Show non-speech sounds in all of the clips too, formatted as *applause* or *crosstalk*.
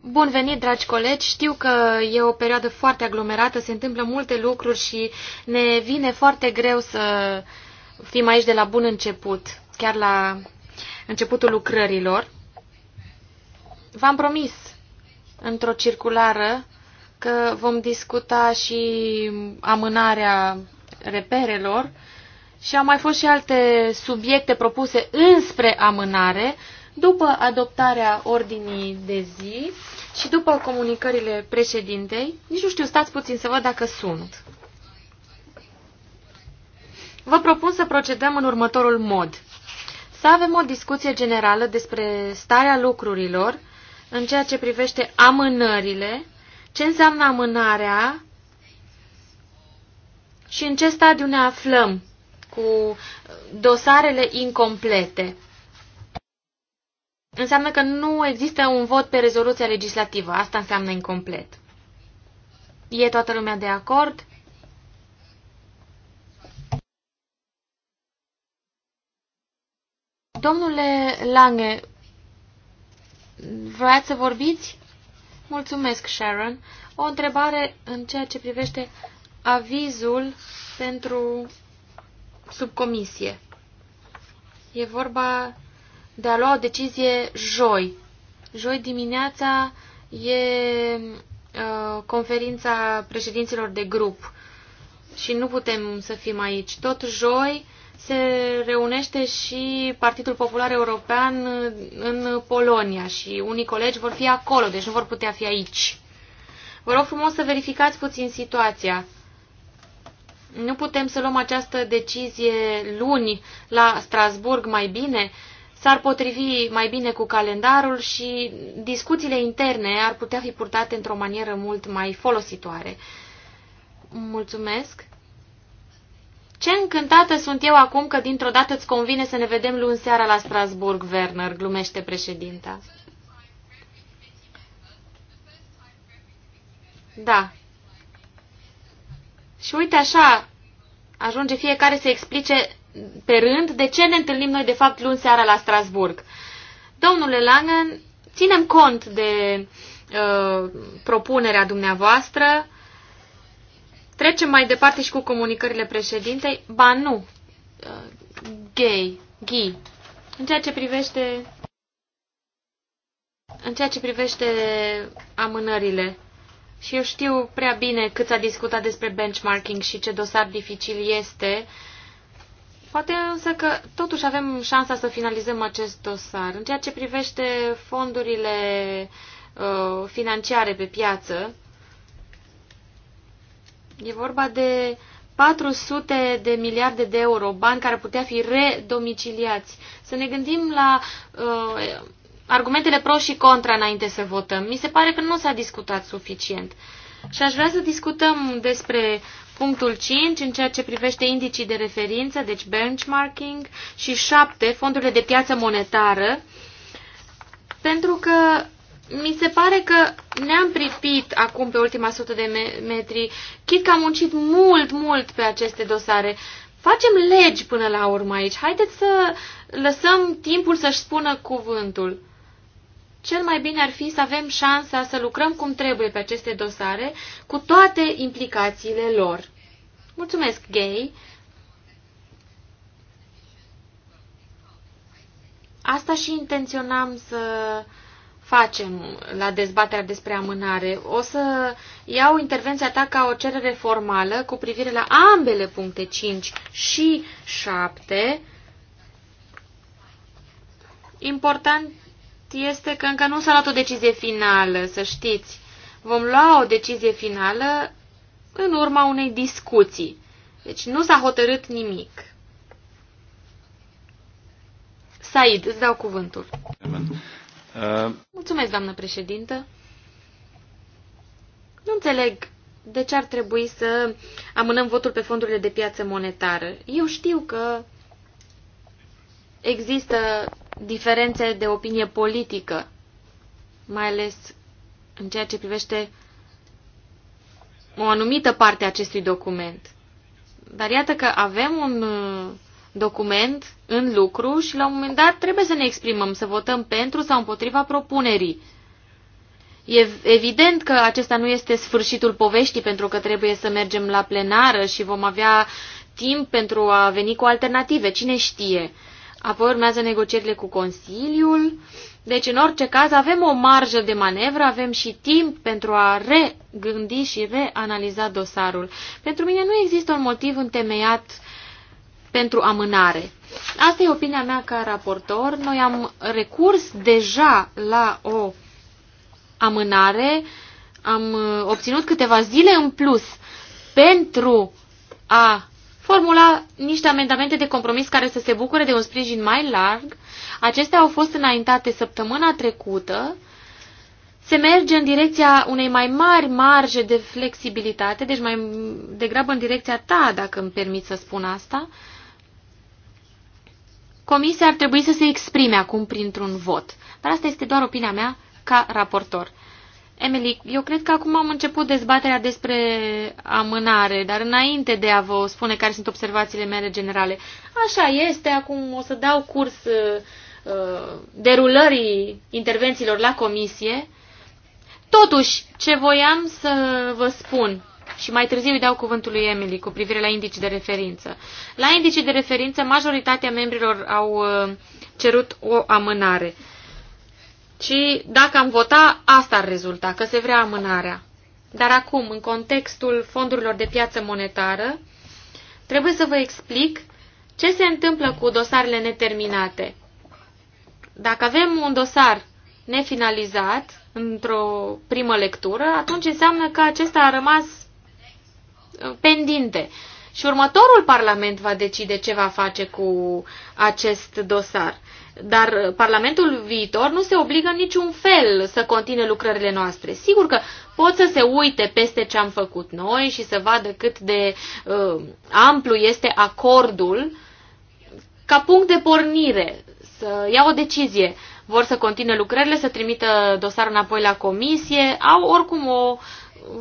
Bun venit, dragi colegi. Știu că e o perioadă foarte aglomerată, se întâmplă multe lucruri și ne vine foarte greu să fim aici de la bun început, chiar la începutul lucrărilor. V-am promis într-o circulară că vom discuta și amânarea reperelor și au mai fost și alte subiecte propuse înspre amânare după adoptarea ordinii de zi și după comunicările președintei. Nici nu știu, stați puțin să văd dacă sunt. Vă propun să procedăm în următorul mod. Să avem o discuție generală despre starea lucrurilor în ceea ce privește amânările, ce înseamnă amânarea și în ce stadiu ne aflăm cu dosarele incomplete. Înseamnă că nu există un vot pe rezoluția legislativă. Asta înseamnă incomplet. E toată lumea de acord? Domnule Lange, vreați să vorbiți? Mulțumesc, Sharon. O întrebare în ceea ce privește avizul pentru Sub comisie. E vorba de a lua o decizie joi. Joi dimineața e uh, conferința președinților de grup și nu putem să fim aici. Tot joi se reunește și Partidul Popular European în Polonia și unii colegi vor fi acolo, deci nu vor putea fi aici. Vă rog frumos să verificați puțin situația. Nu putem să luăm această decizie luni la Strasburg mai bine? S-ar potrivi mai bine cu calendarul și discuțiile interne ar putea fi purtate într-o manieră mult mai folositoare. Mulțumesc! Ce încântată sunt eu acum că dintr-o dată îți convine să ne vedem luni seara la Strasburg, Werner, glumește președinta. Da. Și uite așa, ajunge fiecare să explice pe rând de ce ne întâlnim noi de fapt luni seara la Strasburg. Domnule Langen, ținem cont de uh, propunerea dumneavoastră, trecem mai departe și cu comunicările președintei. Ba nu, uh, gay, ghi. În ceea ce privește în ceea ce privește amânările și eu știu prea bine cât s-a discutat despre benchmarking și ce dosar dificil este. Poate însă că totuși avem șansa să finalizăm acest dosar. În ceea ce privește fondurile uh, financiare pe piață, e vorba de 400 de miliarde de euro, bani care putea fi redomiciliați. Să ne gândim la uh, argumentele pro și contra înainte să votăm. Mi se pare că nu s-a discutat suficient. Și aș vrea să discutăm despre punctul 5 în ceea ce privește indicii de referință, deci benchmarking, și 7 fondurile de piață monetară, pentru că mi se pare că ne-am pripit acum pe ultima sută de metri, chit că am muncit mult, mult pe aceste dosare. Facem legi până la urmă aici. Haideți să lăsăm timpul să-și spună cuvântul cel mai bine ar fi să avem șansa să lucrăm cum trebuie pe aceste dosare, cu toate implicațiile lor. Mulțumesc, Gay! Asta și intenționam să facem la dezbaterea despre amânare. O să iau intervenția ta ca o cerere formală cu privire la ambele puncte 5 și 7. Important este că încă nu s-a luat o decizie finală, să știți. Vom lua o decizie finală în urma unei discuții. Deci nu s-a hotărât nimic. Said, îți dau cuvântul. Uh. Mulțumesc, doamnă președintă. Nu înțeleg de ce ar trebui să amânăm votul pe fondurile de piață monetară. Eu știu că există diferențe de opinie politică, mai ales în ceea ce privește o anumită parte a acestui document. Dar iată că avem un uh, document în lucru și la un moment dat trebuie să ne exprimăm, să votăm pentru sau împotriva propunerii. E evident că acesta nu este sfârșitul poveștii pentru că trebuie să mergem la plenară și vom avea timp pentru a veni cu alternative, cine știe apoi urmează negocierile cu Consiliul. Deci, în orice caz, avem o marjă de manevră, avem și timp pentru a regândi și reanaliza dosarul. Pentru mine nu există un motiv întemeiat pentru amânare. Asta e opinia mea ca raportor. Noi am recurs deja la o amânare, am uh, obținut câteva zile în plus pentru a formula niște amendamente de compromis care să se bucure de un sprijin mai larg. Acestea au fost înaintate săptămâna trecută. Se merge în direcția unei mai mari marje de flexibilitate, deci mai degrabă în direcția ta, dacă îmi permit să spun asta. Comisia ar trebui să se exprime acum printr-un vot, dar asta este doar opinia mea ca raportor. Emily, eu cred că acum am început dezbaterea despre amânare, dar înainte de a vă spune care sunt observațiile mele generale, așa este, acum o să dau curs uh, uh, derulării intervențiilor la comisie. Totuși, ce voiam să vă spun și mai târziu îi dau cuvântul lui Emily cu privire la indicii de referință. La indicii de referință, majoritatea membrilor au uh, cerut o amânare ci dacă am vota, asta ar rezulta, că se vrea amânarea. Dar acum, în contextul fondurilor de piață monetară, trebuie să vă explic ce se întâmplă cu dosarele neterminate. Dacă avem un dosar nefinalizat într-o primă lectură, atunci înseamnă că acesta a rămas uh, pendinte. Și următorul Parlament va decide ce va face cu acest dosar. Dar Parlamentul viitor nu se obligă în niciun fel să continue lucrările noastre. Sigur că pot să se uite peste ce am făcut noi și să vadă cât de uh, amplu este acordul ca punct de pornire, să ia o decizie. Vor să continue lucrările, să trimită dosarul înapoi la comisie, au oricum o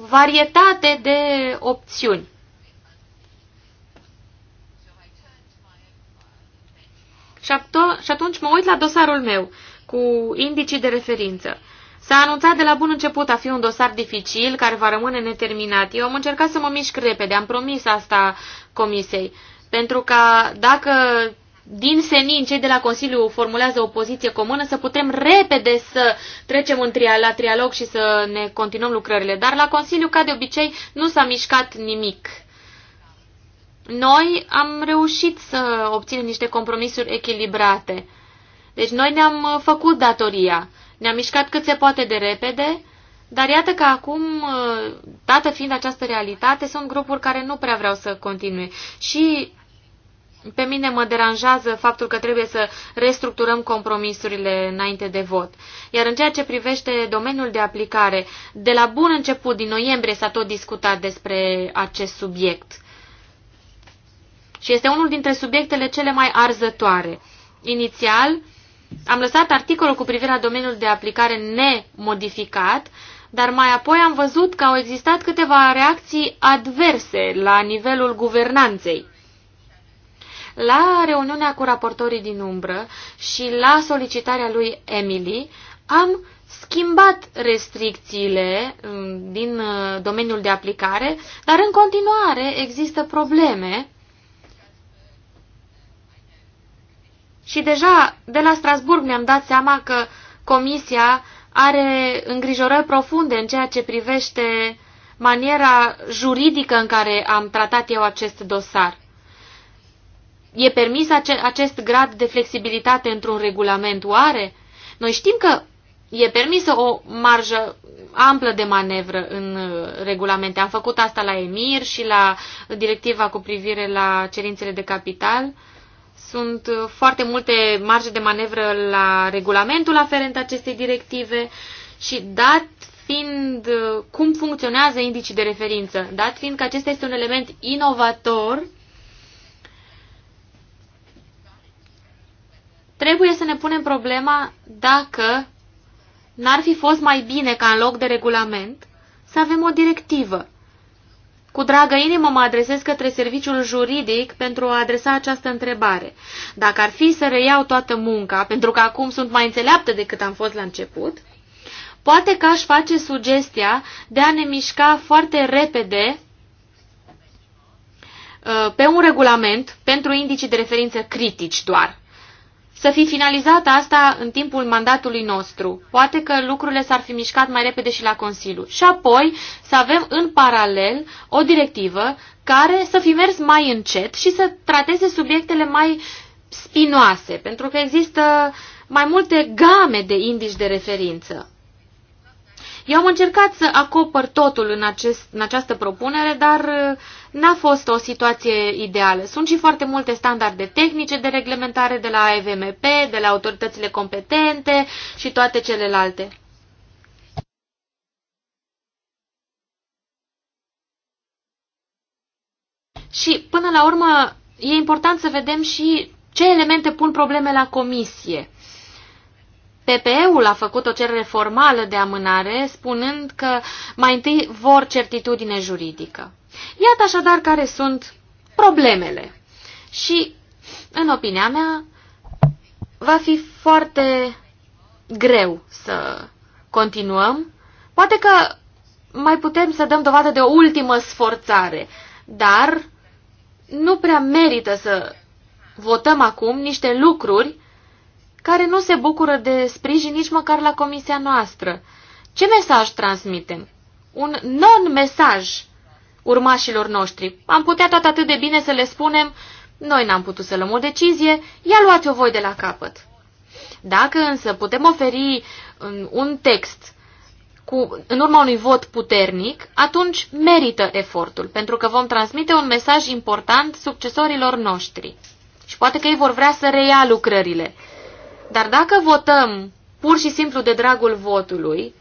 varietate de opțiuni. Și, ato- și atunci mă uit la dosarul meu cu indicii de referință. S-a anunțat de la bun început a fi un dosar dificil care va rămâne neterminat. Eu am încercat să mă mișc repede, am promis asta comisiei. Pentru că dacă din senin cei de la Consiliu formulează o poziție comună, să putem repede să trecem în tria la trialog și să ne continuăm lucrările. Dar la Consiliu, ca de obicei, nu s-a mișcat nimic noi am reușit să obținem niște compromisuri echilibrate. Deci noi ne-am uh, făcut datoria, ne-am mișcat cât se poate de repede, dar iată că acum, uh, dată fiind această realitate, sunt grupuri care nu prea vreau să continue. Și pe mine mă deranjează faptul că trebuie să restructurăm compromisurile înainte de vot. Iar în ceea ce privește domeniul de aplicare, de la bun început din noiembrie s-a tot discutat despre acest subiect și este unul dintre subiectele cele mai arzătoare. Inițial, am lăsat articolul cu privire la domeniul de aplicare nemodificat, dar mai apoi am văzut că au existat câteva reacții adverse la nivelul guvernanței. La reuniunea cu raportorii din umbră și la solicitarea lui Emily, am schimbat restricțiile mm, din uh, domeniul de aplicare, dar în continuare există probleme Și deja de la Strasburg ne-am dat seama că Comisia are îngrijorări profunde în ceea ce privește maniera juridică în care am tratat eu acest dosar. E permis acest grad de flexibilitate într-un regulament, oare? Noi știm că e permisă o marjă amplă de manevră în uh, regulamente. Am făcut asta la EMIR și la directiva cu privire la cerințele de capital. Sunt uh, foarte multe marge de manevră la regulamentul aferent acestei directive și dat fiind uh, cum funcționează indicii de referință, dat fiind că acesta este un element inovator, trebuie să ne punem problema dacă n-ar fi fost mai bine ca în loc de regulament să avem o directivă cu dragă inimă mă adresez către serviciul juridic pentru a adresa această întrebare. Dacă ar fi să reiau toată munca, pentru că acum sunt mai înțeleaptă decât am fost la început, poate că aș face sugestia de a ne mișca foarte repede uh, pe un regulament pentru indicii de referință critici doar să fi finalizat asta în timpul mandatului nostru. Poate că lucrurile s-ar fi mișcat mai repede și la Consiliu. Și apoi să avem în paralel o directivă care să fi mers mai încet și să trateze subiectele mai spinoase, pentru că există mai multe game de indici de referință. Eu am încercat să acopăr totul în, acest, în această propunere, dar uh, n-a fost o situație ideală. Sunt și foarte multe standarde tehnice de reglementare de la AVMP, de la autoritățile competente și toate celelalte. Și, până la urmă, e important să vedem și ce elemente pun probleme la comisie. PPE-ul a făcut o cerere formală de amânare, spunând că mai întâi vor certitudine juridică. Iată așadar care sunt problemele. Și, în opinia mea, va fi foarte greu să continuăm. Poate că mai putem să dăm dovadă de o ultimă sforțare, dar nu prea merită să votăm acum niște lucruri care nu se bucură de sprijin nici măcar la comisia noastră. Ce mesaj transmitem? Un non-mesaj urmașilor noștri. Am putea tot atât de bine să le spunem, noi n-am putut să luăm o decizie, ia luați-o voi de la capăt. Dacă însă putem oferi um, un text cu, în urma unui vot puternic, atunci merită efortul, pentru că vom transmite un mesaj important succesorilor noștri. Și poate că ei vor vrea să reia lucrările. Dar dacă votăm pur și simplu de dragul votului,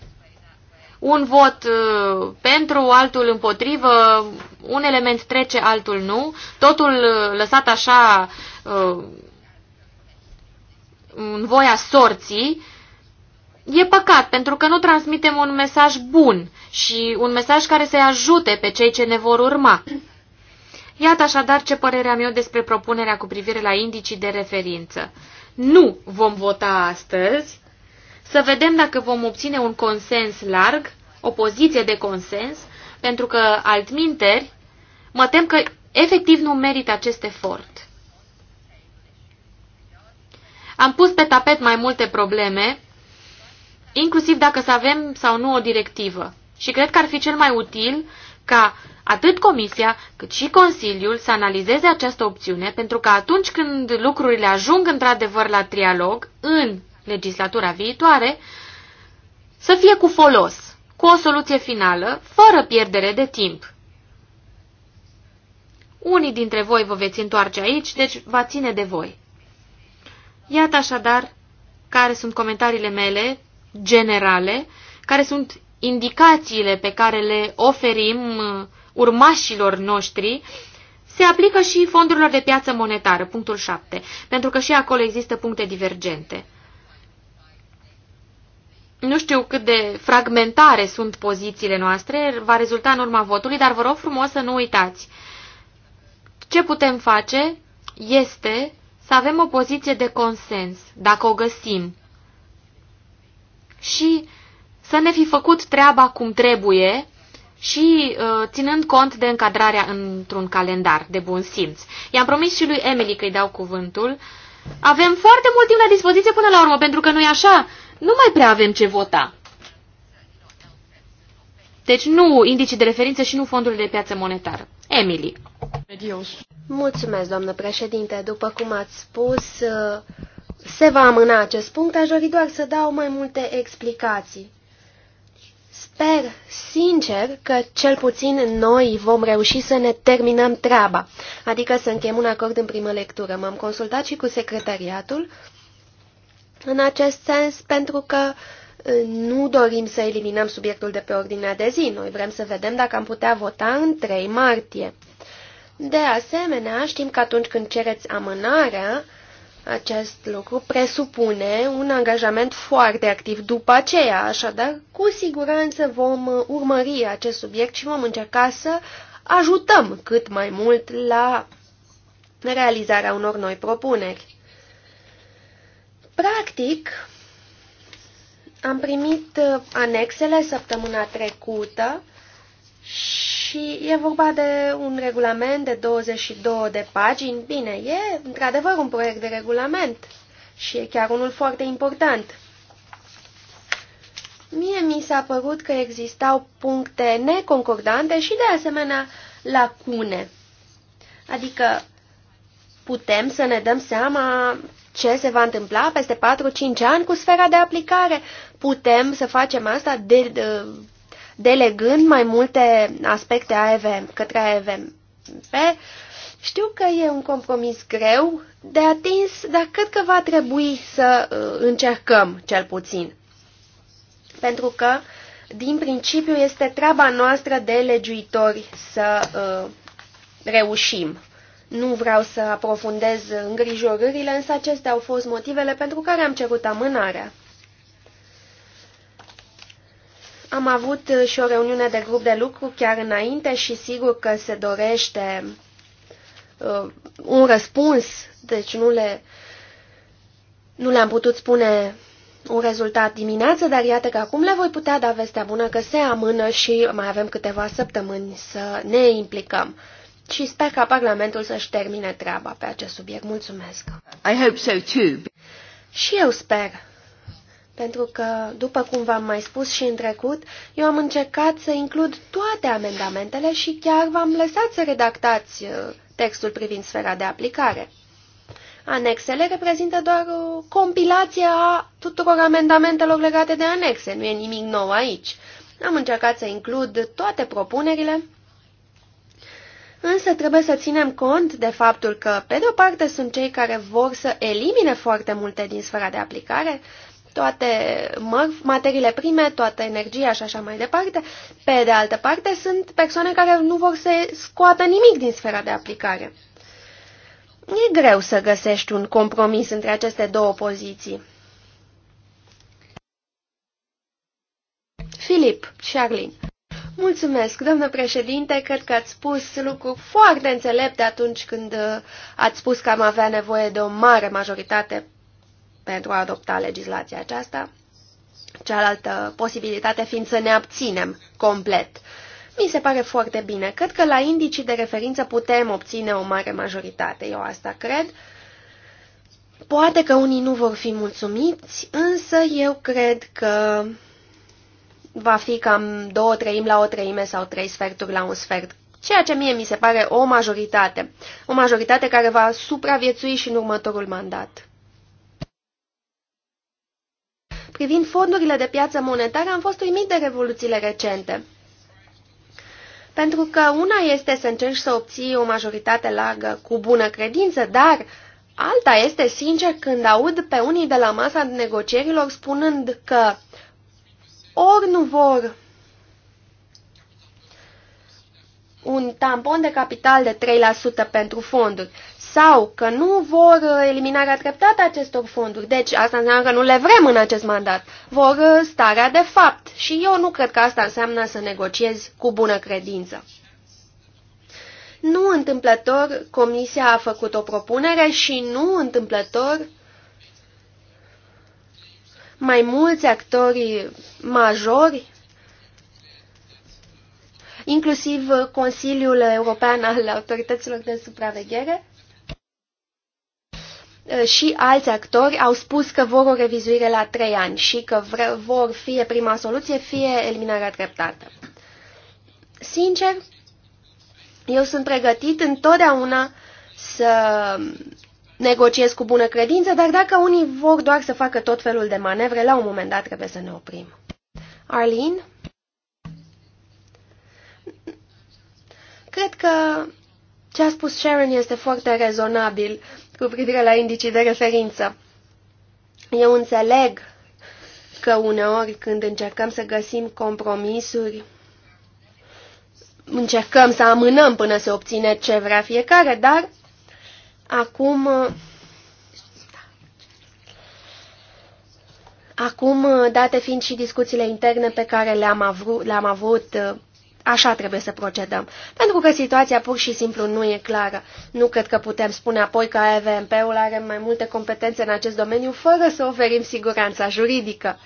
un vot uh, pentru, altul împotrivă, un element trece, altul nu, totul uh, lăsat așa uh, în voia sorții, e păcat pentru că nu transmitem un mesaj bun și un mesaj care să-i ajute pe cei ce ne vor urma. Iată așadar ce părere am eu despre propunerea cu privire la indicii de referință. Nu vom vota astăzi, să vedem dacă vom obține un consens larg, o poziție de consens, pentru că altminteri mă tem că efectiv nu merită acest efort. Am pus pe tapet mai multe probleme, inclusiv dacă să avem sau nu o directivă. Și cred că ar fi cel mai util ca atât Comisia cât și Consiliul să analizeze această opțiune, pentru că atunci când lucrurile ajung într-adevăr la trialog, în legislatura viitoare, să fie cu folos, cu o soluție finală, fără pierdere de timp. Unii dintre voi vă veți întoarce aici, deci va ține de voi. Iată așadar care sunt comentariile mele generale, care sunt indicațiile pe care le oferim uh, urmașilor noștri, se aplică și fondurilor de piață monetară, punctul 7, pentru că și acolo există puncte divergente. Nu știu cât de fragmentare sunt pozițiile noastre, va rezulta în urma votului, dar vă rog frumos să nu uitați. Ce putem face este să avem o poziție de consens, dacă o găsim, și să ne fi făcut treaba cum trebuie și uh, ținând cont de încadrarea într-un calendar de bun simț. I-am promis și lui Emily că îi dau cuvântul, avem foarte mult timp la dispoziție până la urmă, pentru că nu e așa nu mai prea avem ce vota. Deci nu indicii de referință și nu fondurile de piață monetară. Emily. Adios. Mulțumesc, doamnă președinte. După cum ați spus, uh, se va amâna acest punct. Aș dori doar să dau mai multe explicații. Sper sincer că cel puțin noi vom reuși să ne terminăm treaba, adică să încheiem un acord în primă lectură. M-am consultat și cu secretariatul în acest sens pentru că uh, nu dorim să eliminăm subiectul de pe ordinea de zi. Noi vrem să vedem dacă am putea vota în 3 martie. De asemenea, știm că atunci când cereți amânarea, acest lucru presupune un angajament foarte activ după aceea, așadar cu siguranță vom uh, urmări acest subiect și vom încerca să ajutăm cât mai mult la realizarea unor noi propuneri. Practic, am primit uh, anexele săptămâna trecută și și e vorba de un regulament de 22 de pagini. Bine, e într-adevăr un proiect de regulament și e chiar unul foarte important. Mie mi s-a părut că existau puncte neconcordante și de asemenea lacune. Adică putem să ne dăm seama ce se va întâmpla peste 4-5 ani cu sfera de aplicare. Putem să facem asta de, de, delegând mai multe aspecte AEVM, către AEVMP. Știu că e un compromis greu de atins, dar cred că va trebui să uh, încercăm, cel puțin. Pentru că, din principiu, este treaba noastră de legiuitori să uh, reușim. Nu vreau să aprofundez îngrijorările, însă acestea au fost motivele pentru care am cerut amânarea. Am avut uh, și o reuniune de grup de lucru chiar înainte și sigur că se dorește uh, un răspuns, deci nu le nu le-am putut spune un rezultat dimineață, dar iată că acum le voi putea da vestea bună că se amână și mai avem câteva săptămâni să ne implicăm. Și sper ca Parlamentul să-și termine treaba pe acest subiect. Mulțumesc! I hope so too. Și eu sper. Pentru că, după cum v-am mai spus și în trecut, eu am încercat să includ toate amendamentele și chiar v-am lăsat să redactați uh, textul privind sfera de aplicare. Anexele reprezintă doar o compilație a tuturor amendamentelor legate de anexe, nu e nimic nou aici. Am încercat să includ toate propunerile, însă trebuie să ținem cont de faptul că, pe de o parte, sunt cei care vor să elimine foarte multe din sfera de aplicare, toate materiile prime, toată energia și așa mai departe. Pe de altă parte, sunt persoane care nu vor să scoată nimic din sfera de aplicare. E greu să găsești un compromis între aceste două poziții. Filip, Charlene. Mulțumesc, domnule președinte, cred că ați spus lucruri foarte înțelepte atunci când uh, ați spus că am avea nevoie de o mare majoritate pentru a adopta legislația aceasta, cealaltă posibilitate fiind să ne abținem complet. Mi se pare foarte bine. Cred că la indicii de referință putem obține o mare majoritate, eu asta cred. Poate că unii nu vor fi mulțumiți, însă eu cred că va fi cam două treimi la o treime sau trei sferturi la un sfert, ceea ce mie mi se pare o majoritate, o majoritate care va supraviețui și în următorul mandat. Privind fondurile de piață monetară, am fost uimit de revoluțiile recente. Pentru că una este să încerci să obții o majoritate largă cu bună credință, dar alta este, sincer, când aud pe unii de la masa negocierilor spunând că ori nu vor un tampon de capital de 3% pentru fonduri, sau că nu vor uh, eliminarea treptată acestor fonduri. Deci asta înseamnă că nu le vrem în acest mandat. Vor uh, starea de fapt și eu nu cred că asta înseamnă să negociez cu bună credință. Nu întâmplător, Comisia a făcut o propunere și nu întâmplător, mai mulți actori majori, inclusiv Consiliul European al Autorităților de Supraveghere, Eh, și alți actori au spus că vor o revizuire la trei ani și că vor fie prima soluție, fie eliminarea treptată. Sincer, eu sunt pregătit întotdeauna să negociez cu bună credință, dar dacă unii vor doar să facă tot felul de manevre, la un moment dat trebuie să ne oprim. Arlene? Cred că ce a spus Sharon este foarte rezonabil cu privire la indicii de referință. Eu înțeleg că uneori când încercăm să găsim compromisuri, încercăm să amânăm până se obține ce vrea fiecare, dar acum acum date fiind și discuțiile interne pe care le-am avut, le-am avut Așa trebuie să procedăm, pentru că situația pur și simplu nu e clară. Nu cred că putem spune apoi că evmp ul are mai multe competențe în acest domeniu fără să oferim siguranța juridică.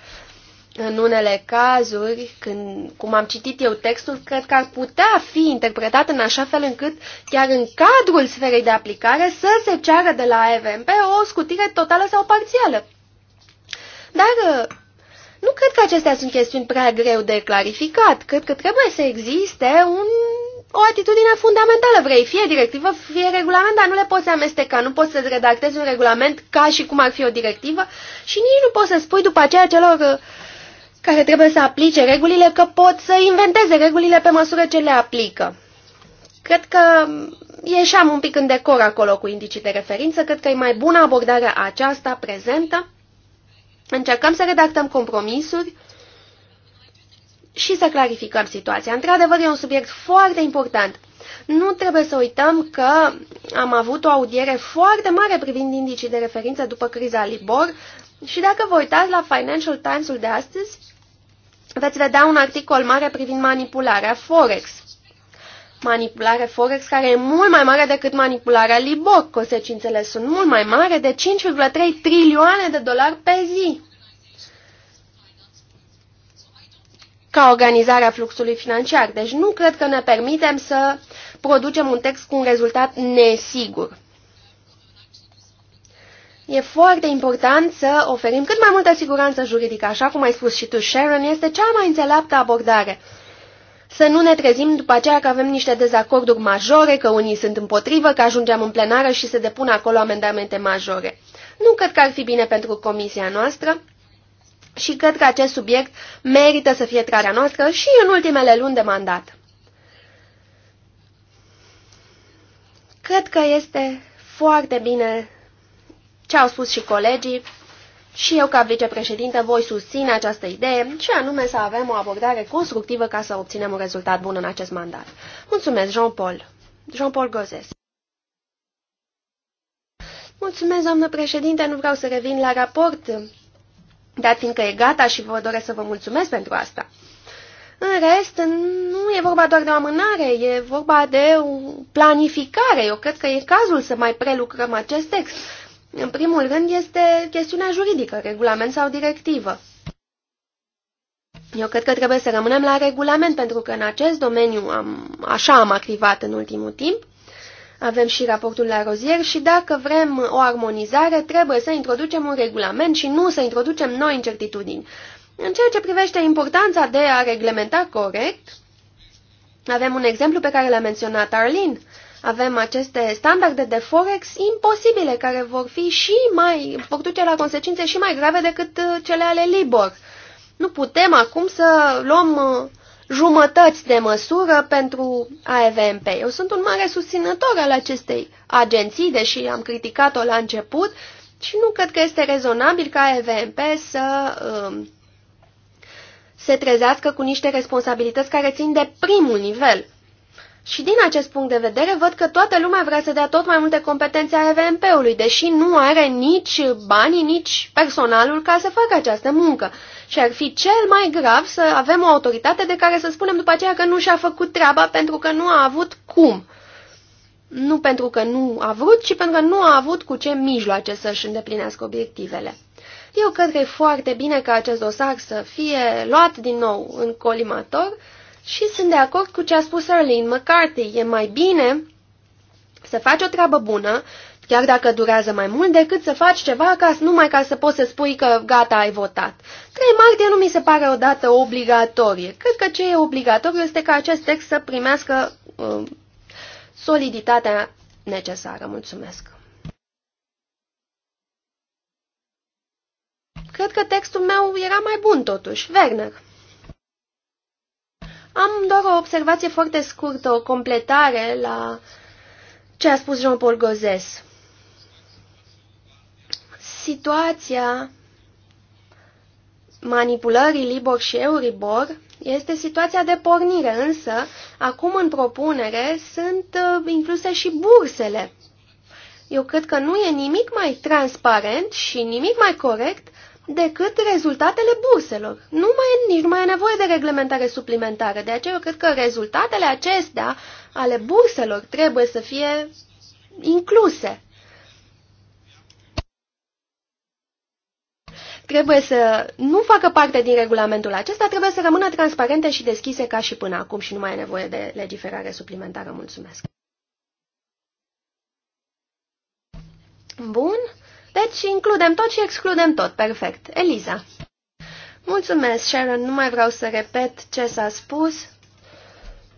În unele cazuri, când, cum am citit eu textul, cred că ar putea fi interpretat în așa fel încât chiar în cadrul sferei de aplicare să se ceară de la EVMP o scutire totală sau parțială. Dar nu cred că acestea sunt chestiuni prea greu de clarificat. Cred că trebuie să existe un, o atitudine fundamentală. Vrei fie directivă, fie regulament, dar nu le poți amesteca. Nu poți să redactezi un regulament ca și cum ar fi o directivă și nici nu poți să spui după aceea celor uh, care trebuie să aplice regulile că pot să inventeze regulile pe măsură ce le aplică. Cred că ieșeam un pic în decor acolo cu indicii de referință, cred că e mai bună abordarea aceasta prezentă Încercăm să redactăm compromisuri și să clarificăm situația. Într-adevăr, e un subiect foarte important. Nu trebuie să uităm că am avut o audiere foarte mare privind indicii de referință după criza Libor și dacă vă uitați la Financial Times-ul de astăzi, veți vedea un articol mare privind manipularea Forex manipulare Forex, care e mult mai mare decât manipularea Libor. Consecințele sunt mult mai mare de 5,3 trilioane de dolari pe zi. ca organizarea fluxului financiar. Deci nu cred că ne permitem să producem un text cu un rezultat nesigur. E foarte important să oferim cât mai multă siguranță juridică. Așa cum ai spus și tu, Sharon, este cea mai înțeleaptă abordare să nu ne trezim după aceea că avem niște dezacorduri majore, că unii sunt împotrivă, că ajungem în plenară și se depun acolo amendamente majore. Nu cred că ar fi bine pentru comisia noastră și cred că acest subiect merită să fie trarea noastră și în ultimele luni de mandat. Cred că este foarte bine ce au spus și colegii și eu, ca vicepreședinte, voi susține această idee și anume să avem o abordare constructivă ca să obținem un rezultat bun în acest mandat. Mulțumesc, Jean-Paul. Jean-Paul Gozes. Mulțumesc, doamnă președinte, nu vreau să revin la raport, dar fiindcă e gata și vă doresc să vă mulțumesc pentru asta. În rest, nu e vorba doar de o amânare, e vorba de o planificare. Eu cred că e cazul să mai prelucrăm acest text. În primul rând este chestiunea juridică, regulament sau directivă. Eu cred că trebuie să rămânem la regulament, pentru că în acest domeniu am, așa am activat în ultimul timp. Avem și raportul la rozier și dacă vrem o armonizare, trebuie să introducem un regulament și nu să introducem noi incertitudini. În ceea ce privește importanța de a reglementa corect, avem un exemplu pe care l-a menționat Arlene. Avem aceste standarde de forex imposibile care vor fi și mai, vor duce la consecințe și mai grave decât uh, cele ale Libor. Nu putem acum să luăm uh, jumătăți de măsură pentru AVMP. Eu sunt un mare susținător al acestei agenții, deși am criticat-o la început și nu cred că este rezonabil ca AVMP să um, se trezească cu niște responsabilități care țin de primul nivel. Și din acest punct de vedere, văd că toată lumea vrea să dea tot mai multe competențe a RVMP-ului, deși nu are nici banii, nici personalul ca să facă această muncă. Și ar fi cel mai grav să avem o autoritate de care să spunem după aceea că nu și-a făcut treaba pentru că nu a avut cum. Nu pentru că nu a vrut, ci pentru că nu a avut cu ce mijloace să-și îndeplinească obiectivele. Eu cred că e foarte bine ca acest dosar să fie luat din nou în colimator, și sunt de acord cu ce a spus Arlene McCarthy. E mai bine să faci o treabă bună, chiar dacă durează mai mult, decât să faci ceva ca, numai ca să poți să spui că gata, ai votat. 3 martie nu mi se pare o dată obligatorie. Cred că ce e obligatoriu este ca acest text să primească uh, soliditatea necesară. Mulțumesc! Cred că textul meu era mai bun totuși, Werner. Am doar o observație foarte scurtă, o completare la ce a spus Jean-Paul Gozes. Situația manipulării Libor și Euribor este situația de pornire, însă acum în propunere sunt uh, incluse și bursele. Eu cred că nu e nimic mai transparent și nimic mai corect decât rezultatele burselor. Nu mai, nici nu mai e nevoie de reglementare suplimentară. De aceea eu cred că rezultatele acestea ale burselor trebuie să fie incluse. Trebuie să nu facă parte din regulamentul acesta, trebuie să rămână transparente și deschise ca și până acum și nu mai e nevoie de legiferare suplimentară. Mulțumesc! Bun. Deci includem tot și excludem tot. Perfect. Eliza. Mulțumesc, Sharon. Nu mai vreau să repet ce s-a spus.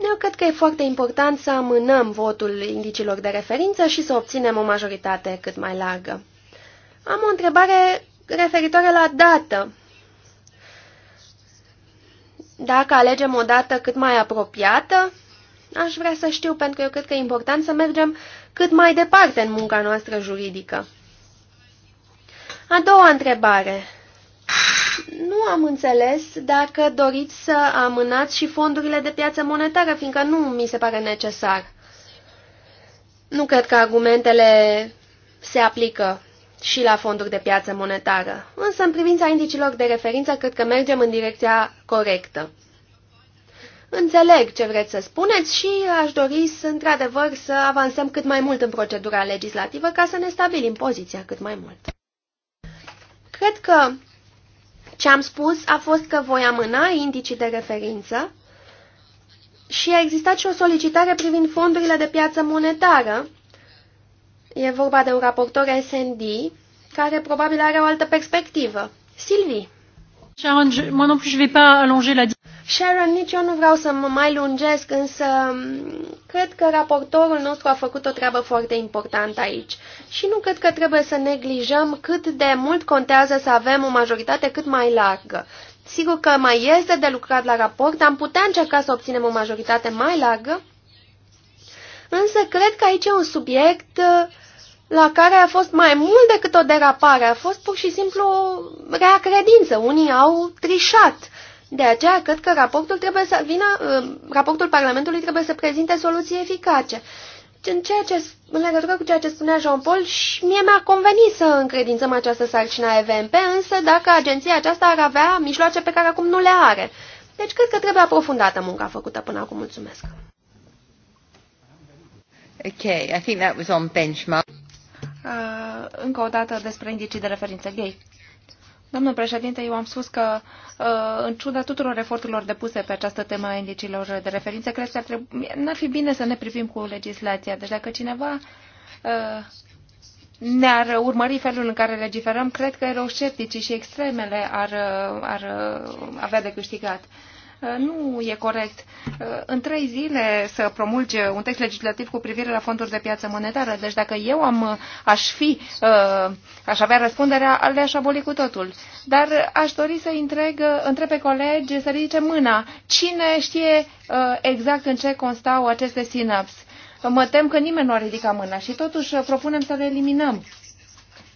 Eu cred că e foarte important să amânăm votul indicilor de referință și să obținem o majoritate cât mai largă. Am o întrebare referitoare la dată. Dacă alegem o dată cât mai apropiată, aș vrea să știu, pentru că eu cred că e important să mergem cât mai departe în munca noastră juridică. A doua întrebare. Nu am înțeles dacă doriți să amânați și fondurile de piață monetară, fiindcă nu mi se pare necesar. Nu cred că argumentele se aplică și la fonduri de piață monetară, însă în privința indicilor de referință cred că mergem în direcția corectă. Înțeleg ce vreți să spuneți și aș dori, într-adevăr, să avansăm cât mai mult în procedura legislativă ca să ne stabilim poziția cât mai mult. Cred că ce am spus a fost că voi amâna indicii de referință și a existat și o solicitare privind fondurile de piață monetară. E vorba de un raportor SND care probabil are o altă perspectivă. Silvi! je, moi non plus je vais pas allonger la Sharon, nici eu nu vreau să mă mai lungesc, însă mm, cred că raportorul nostru a făcut o treabă foarte importantă aici și nu cred că trebuie să neglijăm cât de mult contează să avem o majoritate cât mai largă. Sigur că mai este de lucrat la raport, am putea încerca să obținem o majoritate mai largă, însă cred că aici e un subiect uh, la care a fost mai mult decât o derapare, a fost pur și simplu o rea credință. Unii au trișat de aceea, cred că raportul, trebuie să vină, uh, raportul Parlamentului trebuie să prezinte soluții eficace. În, ceea ce, în legătură cu ceea ce spunea Jean-Paul, și mie mi a convenit să încredințăm această sarcină a EVMP, însă dacă agenția aceasta ar avea mijloace pe care acum nu le are. Deci cred că trebuie aprofundată munca făcută până acum. Mulțumesc. Okay, I think that was on benchmark. Uh, încă o dată despre indicii de referință gay. Domnul președinte, eu am spus că, uh, în ciuda tuturor eforturilor depuse pe această temă a indicilor de referință, cred că ar trebui, n-ar fi bine să ne privim cu legislația. Deci dacă cineva uh, ne-ar urmări felul în care legiferăm, cred că eroscepticii și extremele ar, uh, ar avea de câștigat. Uh, nu e corect. Uh, în trei zile să promulge un text legislativ cu privire la fonduri de piață monetară. Deci dacă eu am, uh, aș fi, aș avea răspunderea, le-aș aboli cu totul. Dar aș dori să întreg, întreb pe colegi să ridice mâna. Cine știe exact în ce constau aceste sinaps? Mă tem că nimeni nu a ridicat mâna și totuși propunem să le eliminăm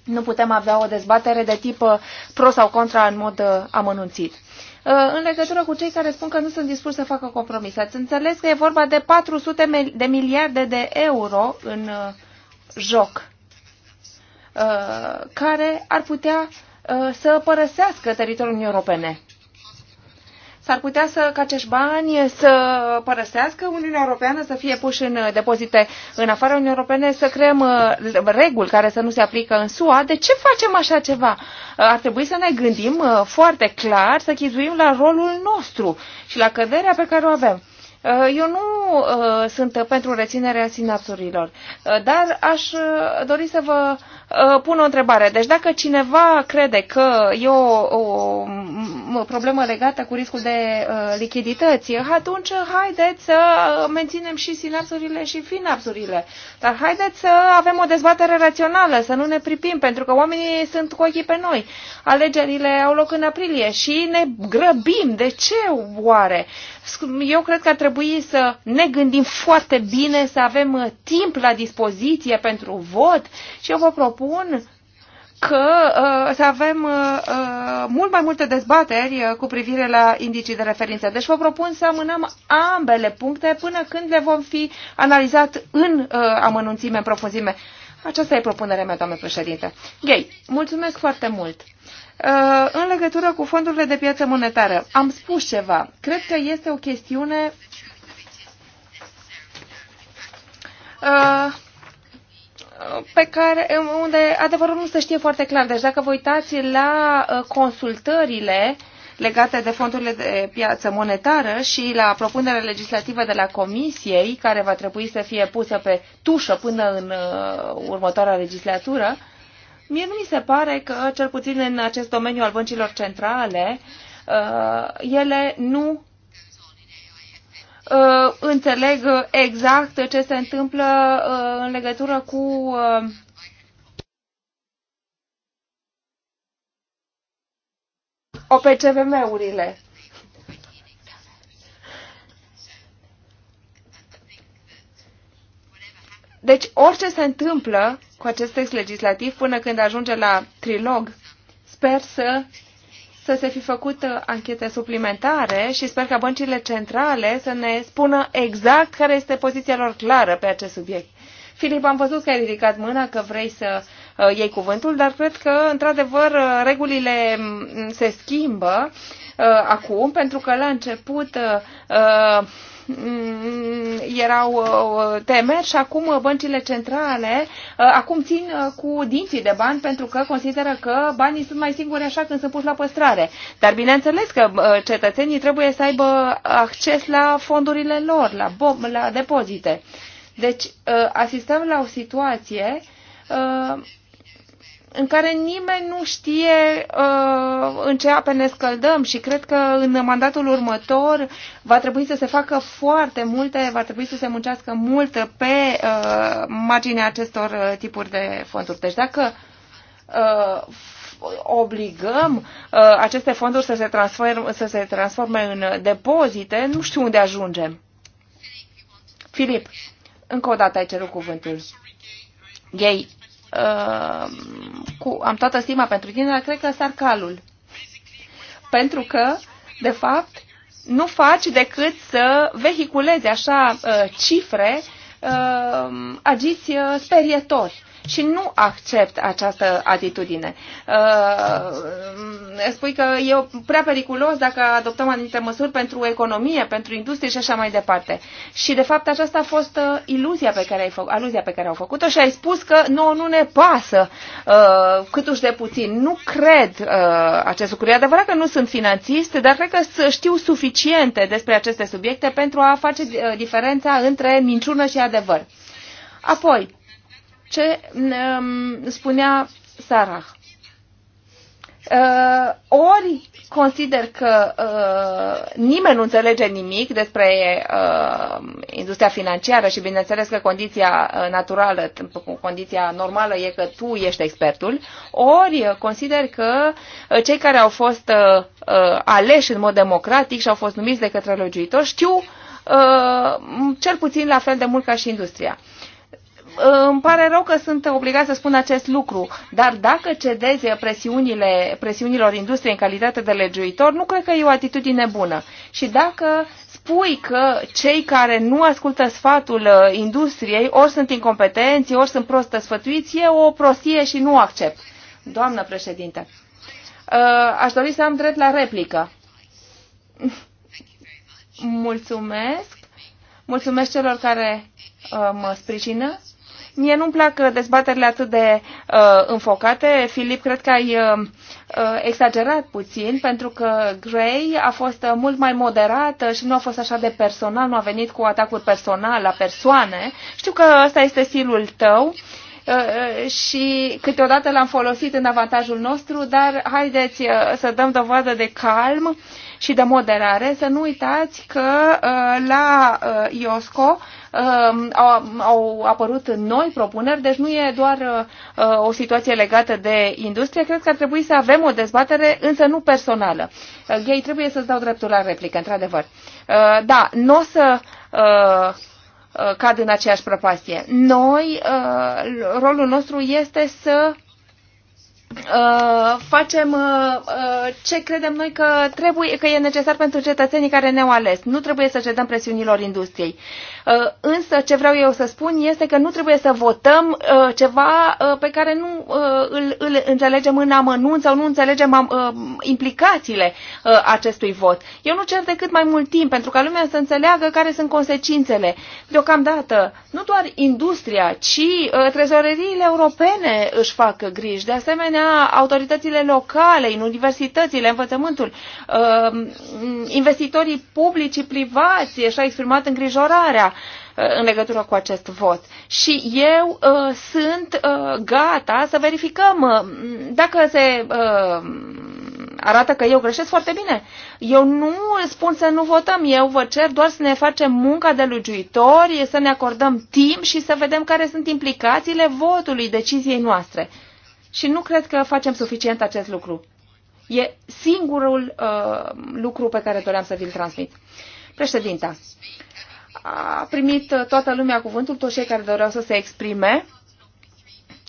nu putem avea o dezbatere de tip uh, pro sau contra în mod uh, amănunțit. Uh, în legătură cu cei care spun că nu sunt dispuși să facă compromis, ați înțeles că e vorba de 400 de miliarde de euro în joc, care ar putea să părăsească teritoriul Uniunii Europene s-ar putea să, ca acești bani să părăsească Uniunea Europeană, să fie puși în uh, depozite în afara Uniunii Europene, să creăm uh, reguli care să nu se aplică în SUA. De ce facem așa ceva? Uh, ar trebui să ne gândim foarte clar, să chizuim la rolul nostru și la căderea pe care o avem. Eu nu uh, sunt pentru reținerea sinapsurilor, dar aș uh, dori să vă Uh, pun o întrebare. Deci dacă cineva crede că e o, o problemă legată cu riscul de uh, lichidități, atunci haideți să menținem și sinapsurile și finapsurile. Dar haideți să avem o dezbatere rațională, să nu ne pripim, pentru că oamenii sunt cu ochii pe noi. Alegerile au loc în aprilie și ne grăbim. De ce oare? Eu cred că ar trebui să ne gândim foarte bine, să avem uh, timp la dispoziție pentru vot și eu vă propun propun că uh, să avem uh, uh, mult mai multe dezbateri uh, cu privire la indicii de referință. Deci vă propun să amânăm ambele puncte până când le vom fi analizat în uh, amănunțime, în profunzime. Aceasta e propunerea mea, doamnă președinte. Gay, mulțumesc foarte mult. Uh, în legătură cu fondurile de piață monetară, am spus ceva. Cred că este o chestiune uh, pe care, unde adevărul nu se știe foarte clar. Deci dacă vă uitați la uh, consultările legate de fondurile de piață monetară și la propunerea legislativă de la Comisiei, care va trebui să fie pusă pe tușă până în uh, următoarea legislatură, mie nu mi se pare că, cel puțin în acest domeniu al băncilor centrale, uh, ele nu Uh, înțeleg exact ce se întâmplă uh, în legătură cu uh, OPCVM-urile. Deci, orice se întâmplă cu acest text legislativ până când ajunge la trilog, sper să să se fi făcut uh, anchete suplimentare și sper ca băncile centrale să ne spună exact care este poziția lor clară pe acest subiect. Filip, am văzut că ai ridicat mâna, că vrei să uh, iei cuvântul, dar cred că, într-adevăr, uh, regulile se schimbă uh, acum, pentru că la început uh, uh Mm, erau uh, temeri și acum uh, băncile centrale uh, acum țin cu dinții de bani pentru că consideră că banii sunt mai singuri așa când sunt puși la păstrare. Dar bineînțeles că cetățenii trebuie să aibă acces la fondurile lor, la, bom, la depozite. Deci asistăm la o situație în care nimeni nu știe uh, în ce ape ne scăldăm și cred că în mandatul următor va trebui să se facă foarte multe, va trebui să se muncească mult pe uh, marginea acestor uh, tipuri de fonduri. Deci dacă uh, obligăm uh, aceste fonduri să se, să se transforme în depozite, nu știu unde ajungem. Filip, încă o dată ai cerut cuvântul. Gay, Uh, cu, am toată stima pentru tine, dar cred că sar calul. Pentru că, de fapt, nu faci decât să vehiculezi așa uh, cifre uh, agiți sperietori și nu accept această atitudine. Uh, spui că e prea periculos dacă adoptăm anumite măsuri pentru economie, pentru industrie și așa mai departe. Și de fapt aceasta a fost uh, iluzia pe care ai fă, aluzia pe care au făcut-o și ai spus că nouă nu ne pasă uh, câtuși de puțin. Nu cred acest lucru. E adevărat că nu sunt finanțist, dar cred că știu suficiente despre aceste subiecte pentru a face diferența între minciună și adevăr. Apoi, ce um, spunea Sarah. Uh, ori consider că uh, nimeni nu înțelege nimic despre uh, industria financiară și bineînțeles că condiția uh, naturală, condiția normală e că tu ești expertul, ori consider că uh, cei care au fost uh, uh, aleși în mod democratic și au fost numiți de către legiuitori știu uh, cel puțin la fel de mult ca și industria. Uh, îmi pare rău că sunt obligat să spun acest lucru, dar dacă cedezi presiunile, presiunilor industriei în calitate de legiuitor, nu cred că e o atitudine bună. Și dacă spui că cei care nu ascultă sfatul uh, industriei ori sunt incompetenți, ori sunt prost sfătuiți, e o prostie și nu accept. Doamnă președinte, uh, aș dori să am drept la replică. *laughs* Mulțumesc. Mulțumesc celor care uh, mă sprijină. Mie nu-mi plac uh, dezbaterile atât de uh, înfocate. Filip, cred că ai uh, uh exagerat puțin, pentru că Gray a fost uh, mult mai moderată și nu a fost așa de personal, nu a venit cu atacuri personal la persoane. Știu că ăsta este stilul tău și câteodată l-am folosit în avantajul nostru, dar haideți să dăm dovadă de calm și de moderare, să nu uitați că uh, la uh, IOSCO um, au apărut noi propuneri, deci nu e doar uh, o situație legată de industrie. Cred că ar trebui să avem o dezbatere, însă nu personală. Ei trebuie să-ți dau dreptul la replică, într-adevăr. Da, nu o să cad în aceeași prăpastie. Noi, rolul nostru este să Uh, facem uh, uh, ce credem noi că, trebuie, că e necesar pentru cetățenii care ne-au ales. Nu trebuie să cedăm presiunilor industriei. Uh, însă ce vreau eu să spun este că nu trebuie să votăm uh, ceva uh, pe care nu îl, îl înțelegem în amănunt sau nu înțelegem implicațiile acestui vot. Eu nu cer decât mai mult timp pentru ca lumea să înțeleagă care sunt consecințele. Deocamdată, nu doar industria, ci trezoreriile europene își fac griji. De asemenea, autoritățile locale, în universitățile, învățământul, investitorii publici și privați și-a exprimat îngrijorarea în legătură cu acest vot. Și eu uh, sunt uh, gata să verificăm uh, dacă se uh, arată că eu greșesc foarte bine. Eu nu spun să nu votăm, eu vă cer doar să ne facem munca de lugiuitori, să ne acordăm timp și să vedem care sunt implicațiile votului, deciziei noastre. Și nu cred că facem suficient acest lucru. E singurul uh, lucru pe care doream să vi-l transmit. Președinta, a primit uh, toată lumea cuvântul, toți cei care doreau să se exprime.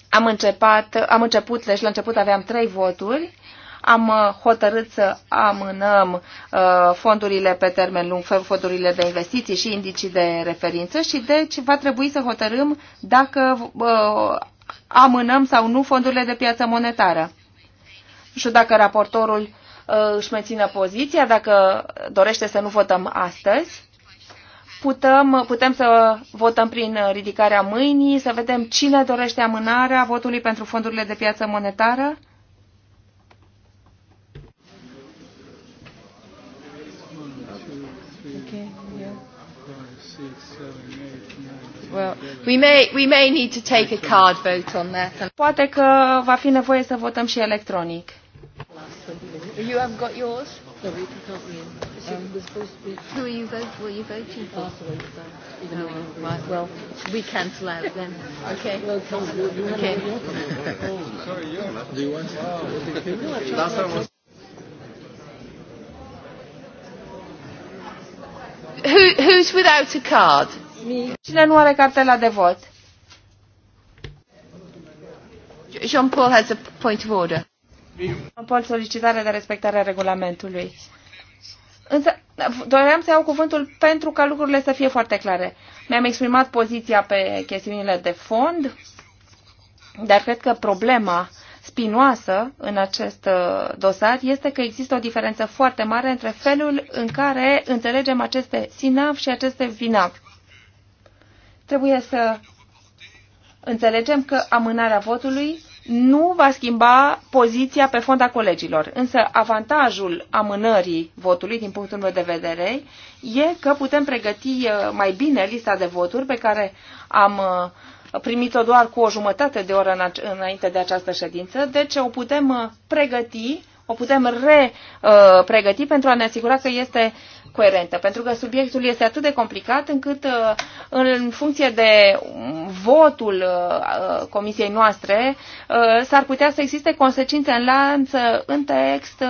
Am, început, uh, am început, deci la început aveam trei voturi. Am uh, hotărât să amânăm uh, fondurile pe termen lung, fondurile de investiții și indicii de referință și deci va trebui să hotărâm dacă uh, amânăm sau nu fondurile de piață monetară. Nu știu dacă raportorul uh, își mențină poziția, dacă dorește să nu votăm astăzi putem, putem să votăm prin ridicarea mâinii, să vedem cine dorește amânarea votului pentru fondurile de piață monetară. Well, we may, we may need to take a card vote on that. Poate că va fi nevoie să votăm și electronic. 20 You have got yours? No, we can't Um, supposed to be... Who are you, you voting for? Oh, uh, right, well, we cancel out then. okay. *laughs* Okay. sorry, Do you want to? Last time was... Who, who's without a card? Me. Cine nu are cartela de vot? Jean-Paul has a point of order. Pol solicitarea de respectare a regulamentului. Însă doream să iau cuvântul pentru ca lucrurile să fie foarte clare. Mi-am exprimat poziția pe chestiunile de fond, dar cred că problema spinoasă în acest uh, dosar este că există o diferență foarte mare între felul în care înțelegem aceste sinav și aceste vinav. Trebuie să înțelegem că amânarea votului nu va schimba poziția pe fonda colegilor. Însă avantajul amânării votului, din punctul meu de vedere, e că putem pregăti uh, mai bine lista de voturi pe care am uh, primit-o doar cu o jumătate de oră înainte de această ședință, deci o putem uh, pregăti, o putem repregăti pentru a ne asigura că este uh, coerentă, pentru că subiectul este atât de complicat încât uh, în funcție de votul uh, uh, comisiei noastre s-ar putea să existe consecințe în lanț, în text,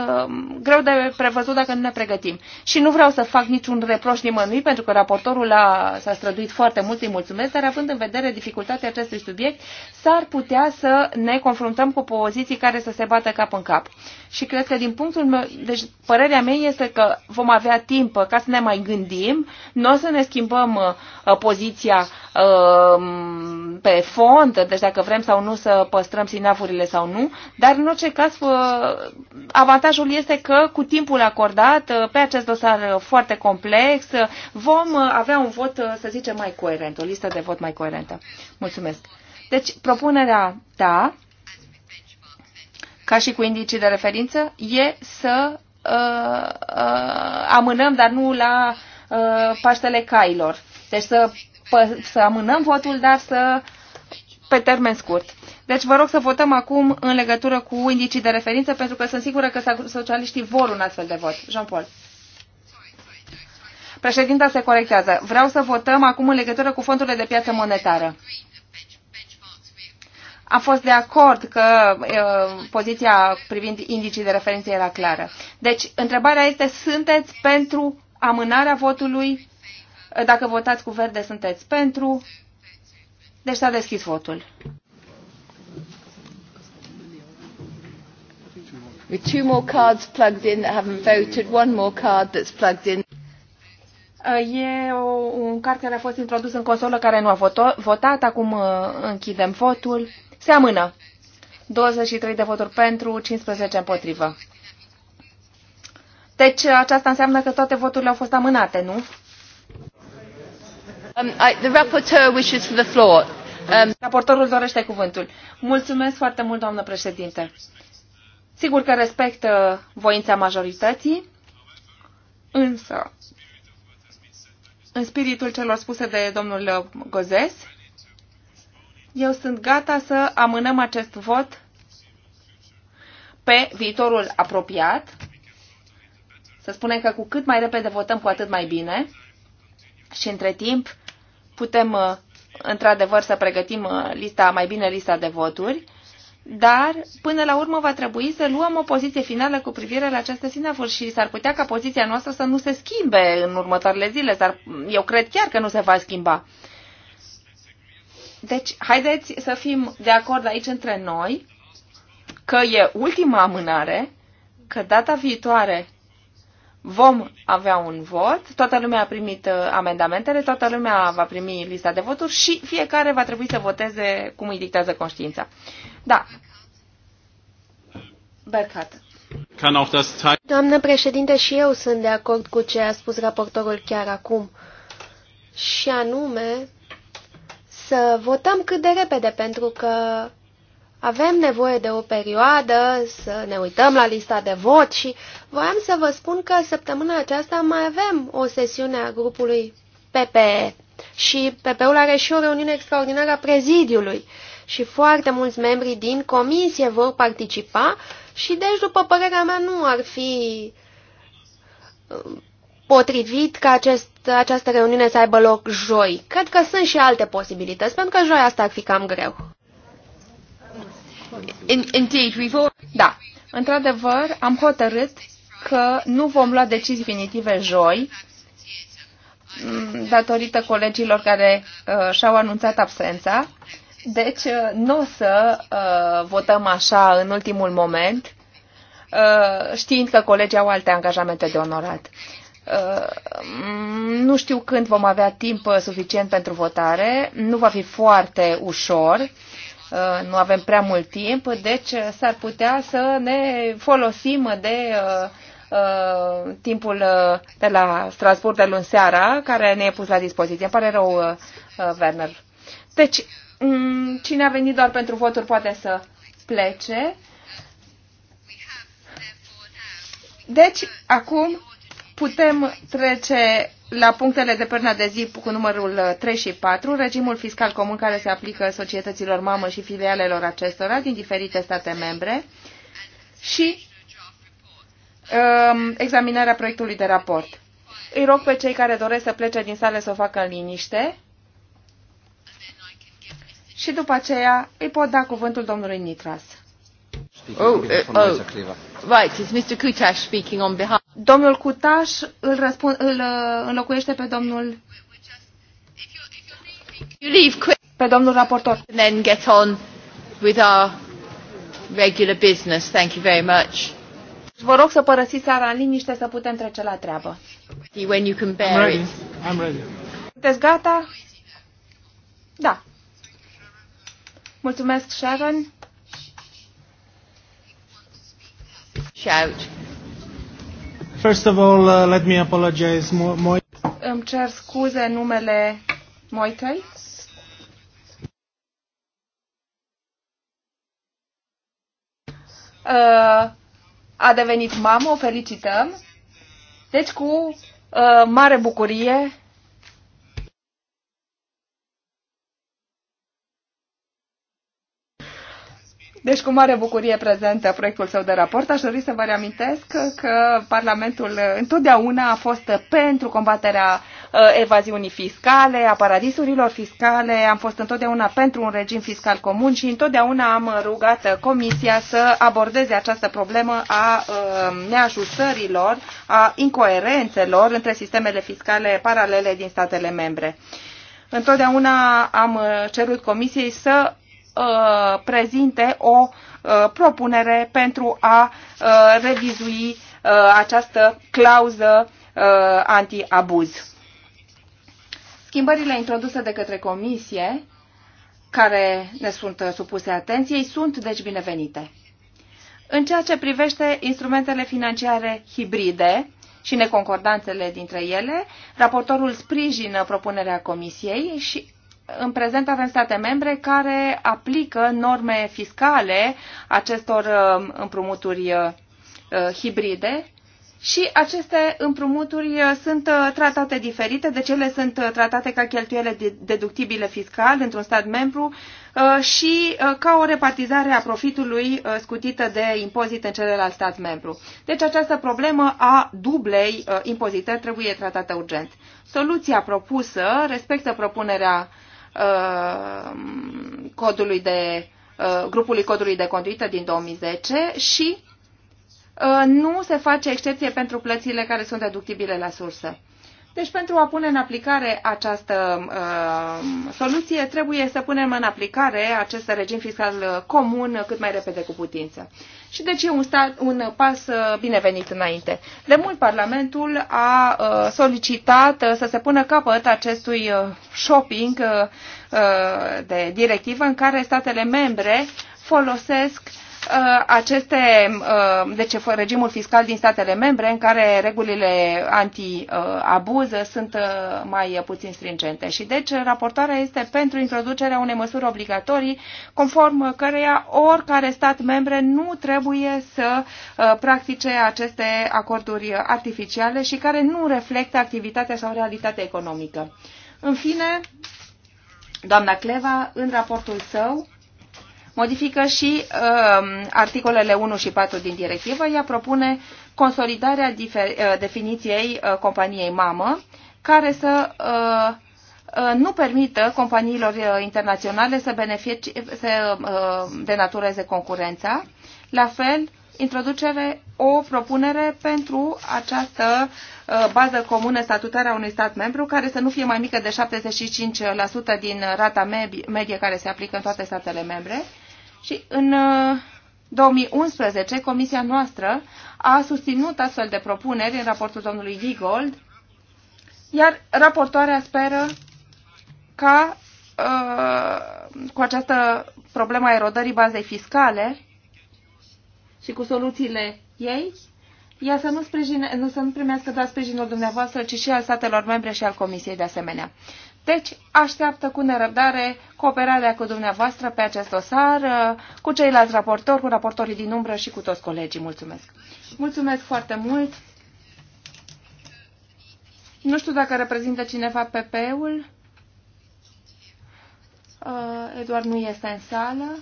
greu de prevăzut dacă nu ne pregătim. Și nu vreau să fac niciun reproș nimănui, pentru că raportorul a, s-a străduit foarte mult, îi mulțumesc, dar având în vedere dificultatea acestui subiect, s-ar putea să ne confruntăm cu poziții care să se bată cap în cap și cred că din punctul meu, deci părerea mea este că vom avea timp ca să ne mai gândim, nu o să ne schimbăm uh, poziția uh, pe fond, deci dacă vrem sau nu să păstrăm sinafurile sau nu, dar în orice caz uh, avantajul este că cu timpul acordat uh, pe acest dosar foarte complex uh, vom uh, avea un vot, uh, să zicem, mai coerent, o listă de vot mai coerentă. Mulțumesc. Deci, propunerea ta ca și cu indicii de referință, e să uh, uh, amânăm, dar nu la uh, Paștele Cailor. Deci să, pă, să amânăm votul, dar să pe termen scurt. Deci vă rog să votăm acum în legătură cu indicii de referință, pentru că sunt sigură că socialiștii vor un astfel de vot. Jean-Paul. Președinta se corectează. Vreau să votăm acum în legătură cu fondurile de piață monetară. A fost de acord că uh, poziția privind indicii de referință era clară. Deci, întrebarea este, sunteți pentru amânarea votului? Dacă votați cu verde, sunteți pentru? Deci s-a deschis votul. With two more cards plugged in that haven't voted, one more card that's plugged in. E o, un card care a fost introdus în consolă care nu a votat. Acum uh, închidem votul. Se amână. 23 de voturi pentru, 15 împotrivă. Deci aceasta înseamnă că toate voturile au fost amânate, nu? Um, I, the rapporteur wishes for the floor. Um... Raportorul dorește cuvântul. Mulțumesc foarte mult, doamnă președinte. Sigur că respect uh, voința majorității, însă, în spiritul celor spuse de domnul uh, Gozes, eu sunt gata să amânăm acest vot pe viitorul apropiat. Să spunem că cu cât mai repede votăm, cu atât mai bine. Și între timp putem, uh, într-adevăr, să pregătim uh, lista, mai bine lista de voturi. Dar, până la urmă, va trebui să luăm o poziție finală cu privire la această sinavuri și s-ar putea ca poziția noastră să nu se schimbe în următoarele zile. S-ar, eu cred chiar că nu se va schimba. Deci, haideți să fim de acord aici între noi că e ultima amânare, că data viitoare vom avea un vot, toată lumea a primit uh, amendamentele, toată lumea va primi lista de voturi și fiecare va trebui să voteze cum îi dictează conștiința. Da. Bercat. Doamnă președinte, și eu sunt de acord cu ce a spus raportorul chiar acum. Și anume să votăm cât de repede, pentru că avem nevoie de o perioadă să ne uităm la lista de vot și voiam să vă spun că săptămâna aceasta mai avem o sesiune a grupului PPE și ppe ul are și o reuniune extraordinară a prezidiului și foarte mulți membri din comisie vor participa și deci, după părerea mea, nu ar fi uh, potrivit ca acest această reuniune să aibă loc joi. Cred că sunt și alte posibilități, pentru că joi asta ar fi cam greu. Da, într-adevăr, am hotărât că nu vom lua decizii definitive joi, mm, datorită colegilor care uh, și-au anunțat absența. Deci, uh, nu o să uh, votăm așa în ultimul moment, uh, știind că colegii au alte angajamente de onorat. Uh, nu știu când vom avea timp suficient pentru votare, nu va fi foarte ușor, uh, nu avem prea mult timp, deci uh, s-ar putea să ne folosim de timpul de la Strasburg de luni seara, care ne-e pus la dispoziție. Îmi pare rău, Werner. Deci, mm, cine a venit doar pentru voturi poate să plece. Deci, acum Putem trece la punctele de pernă de zi cu numărul 3 uh, și 4, regimul fiscal comun care se aplică societăților mamă și filialelor acestora din diferite state membre și um, examinarea proiectului de raport. Îi rog pe cei care doresc să plece din sală să o facă în liniște și după aceea îi pot da cuvântul domnului Nitras. Oh, Domnul Kutash îl, răspund, îl uh, înlocuiește pe domnul you leave quick, pe domnul raportor. And then get on with our regular business. Thank you very much. Deci vă rog să părăsiți sara în liniște să putem trece la treabă. When you can bear I'm ready. It. I'm ready. Sunteți gata? Da. Mulțumesc, Sharon. First of all, uh, let me apologize. Mo Mo Îmi cer scuze în numele Moicăi. Uh, a devenit mamă, o felicităm. Deci cu uh, mare bucurie Deci, cu mare bucurie prezentă proiectul său de raport. Aș dori să vă reamintesc că Parlamentul întotdeauna a fost pentru combaterea uh, evaziunii fiscale, a paradisurilor fiscale, am fost întotdeauna pentru un regim fiscal comun și întotdeauna am rugat Comisia să abordeze această problemă a uh, neajustărilor, a incoerențelor între sistemele fiscale paralele din statele membre. Întotdeauna am uh, cerut Comisiei să Uh, prezinte o uh, propunere pentru a uh, revizui această clauză anti-abuz. Schimbările introduse de către Comisie, care ne sunt supuse atenției, sunt deci binevenite. În ceea ce privește instrumentele financiare hibride, și neconcordanțele dintre ele, raportorul sprijină propunerea Comisiei și în prezent avem state membre care aplică norme fiscale acestor uh, împrumuturi uh, hibride și aceste împrumuturi uh, sunt tratate diferite, deci ele sunt tratate ca cheltuiele deductibile fiscal într-un stat membru și ca o repartizare a profitului scutită de impozit în celălalt stat membru. Deci această problemă a dublei impozite trebuie tratată urgent. Soluția propusă respectă propunerea uh, Uh, codului de, uh, grupului codului de conduită din 2010 și uh, nu se face excepție pentru plățile care sunt deductibile la sursă. Deci pentru a pune în aplicare această uh, soluție trebuie să punem în aplicare acest regim fiscal comun cât mai repede cu putință. Și deci e un, stat, un pas uh, binevenit înainte. De mult Parlamentul a uh, solicitat uh, să se pună capăt acestui uh, shopping uh, uh de directivă în care statele membre folosesc uh, Uh, aceste, uh, deci regimul fiscal din statele membre în care regulile anti-abuz sunt uh, mai puțin stringente. Și deci raportarea este pentru introducerea unei măsuri obligatorii conform căreia oricare stat membre nu trebuie să practice aceste acorduri artificiale și care nu reflectă activitatea sau realitatea economică. În fine, doamna Cleva, în raportul său, modifică și uh, articolele 1 și 4 din directivă. Ea propune consolidarea uh, definiției uh, companiei mamă, care să uh, uh nu permită companiilor uh, internaționale să, beneficie, să uh, denatureze concurența. La fel, introducere o propunere pentru această bază comună statutară a unui stat membru care să nu fie mai mică de 75% din rata medie care se aplică în toate statele membre. Și în 2011, uh, comisia noastră a susținut astfel de propuneri în raportul domnului Vigold, iar raportoarea speră ca uh, cu această problemă a erodării bazei fiscale și cu soluțiile ei, ea să nu, sprijine, nu să nu primească doar sprijinul dumneavoastră, ci și al statelor membre și al Comisiei de asemenea. Deci, așteaptă cu nerăbdare cooperarea cu dumneavoastră pe acest dosar, cu ceilalți raportori, cu raportorii din umbră și cu toți colegii. Mulțumesc! Mulțumesc foarte mult! Nu știu dacă reprezintă cineva PP-ul. Uh, Eduard nu este în sală.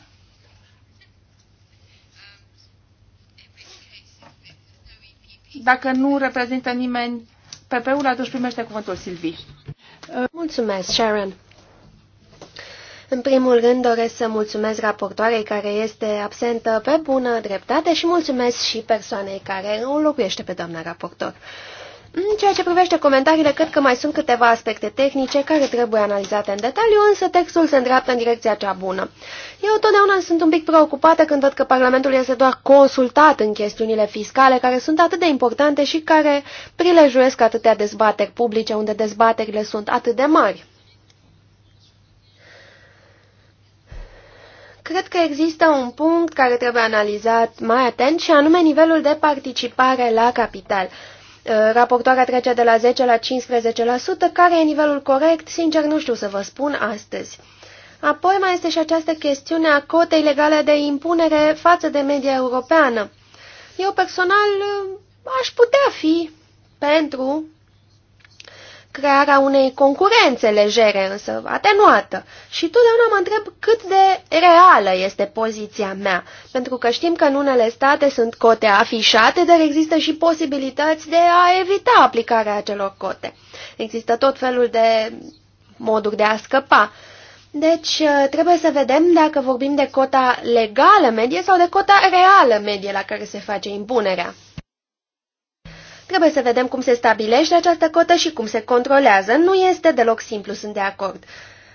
Dacă nu reprezintă nimeni PP-ul, atunci primește cuvântul Silvii. Mulțumesc, Sharon. În primul rând doresc să mulțumesc raportoarei care este absentă pe bună dreptate și mulțumesc și persoanei care o locuiește pe doamna raportor. În ceea ce privește comentariile, cred că mai sunt câteva aspecte tehnice care trebuie analizate în detaliu, însă textul se îndreaptă în direcția cea bună. Eu totdeauna sunt un pic preocupată când văd că Parlamentul este doar consultat în chestiunile fiscale, care sunt atât de importante și care prilejuiesc atâtea dezbateri publice, unde dezbaterile sunt atât de mari. Cred că există un punct care trebuie analizat mai atent și anume nivelul de participare la capital. Eh, raportoarea trece de la 10 la 15%, care e nivelul corect, sincer nu știu să vă spun astăzi. Apoi mai este și această chestiune a cotei legale de impunere față de media europeană. Eu personal eh, aș putea fi pentru crearea unei concurențe legere, însă atenuată. Și totdeauna mă întreb cât de reală este poziția mea, pentru că știm că în unele state sunt cote afișate, dar există și posibilități de a evita aplicarea acelor cote. Există tot felul de moduri de a scăpa. Deci trebuie să vedem dacă vorbim de cota legală medie sau de cota reală medie la care se face impunerea. Trebuie să vedem cum se stabilește această cotă și cum se controlează. Nu este deloc simplu, sunt de acord.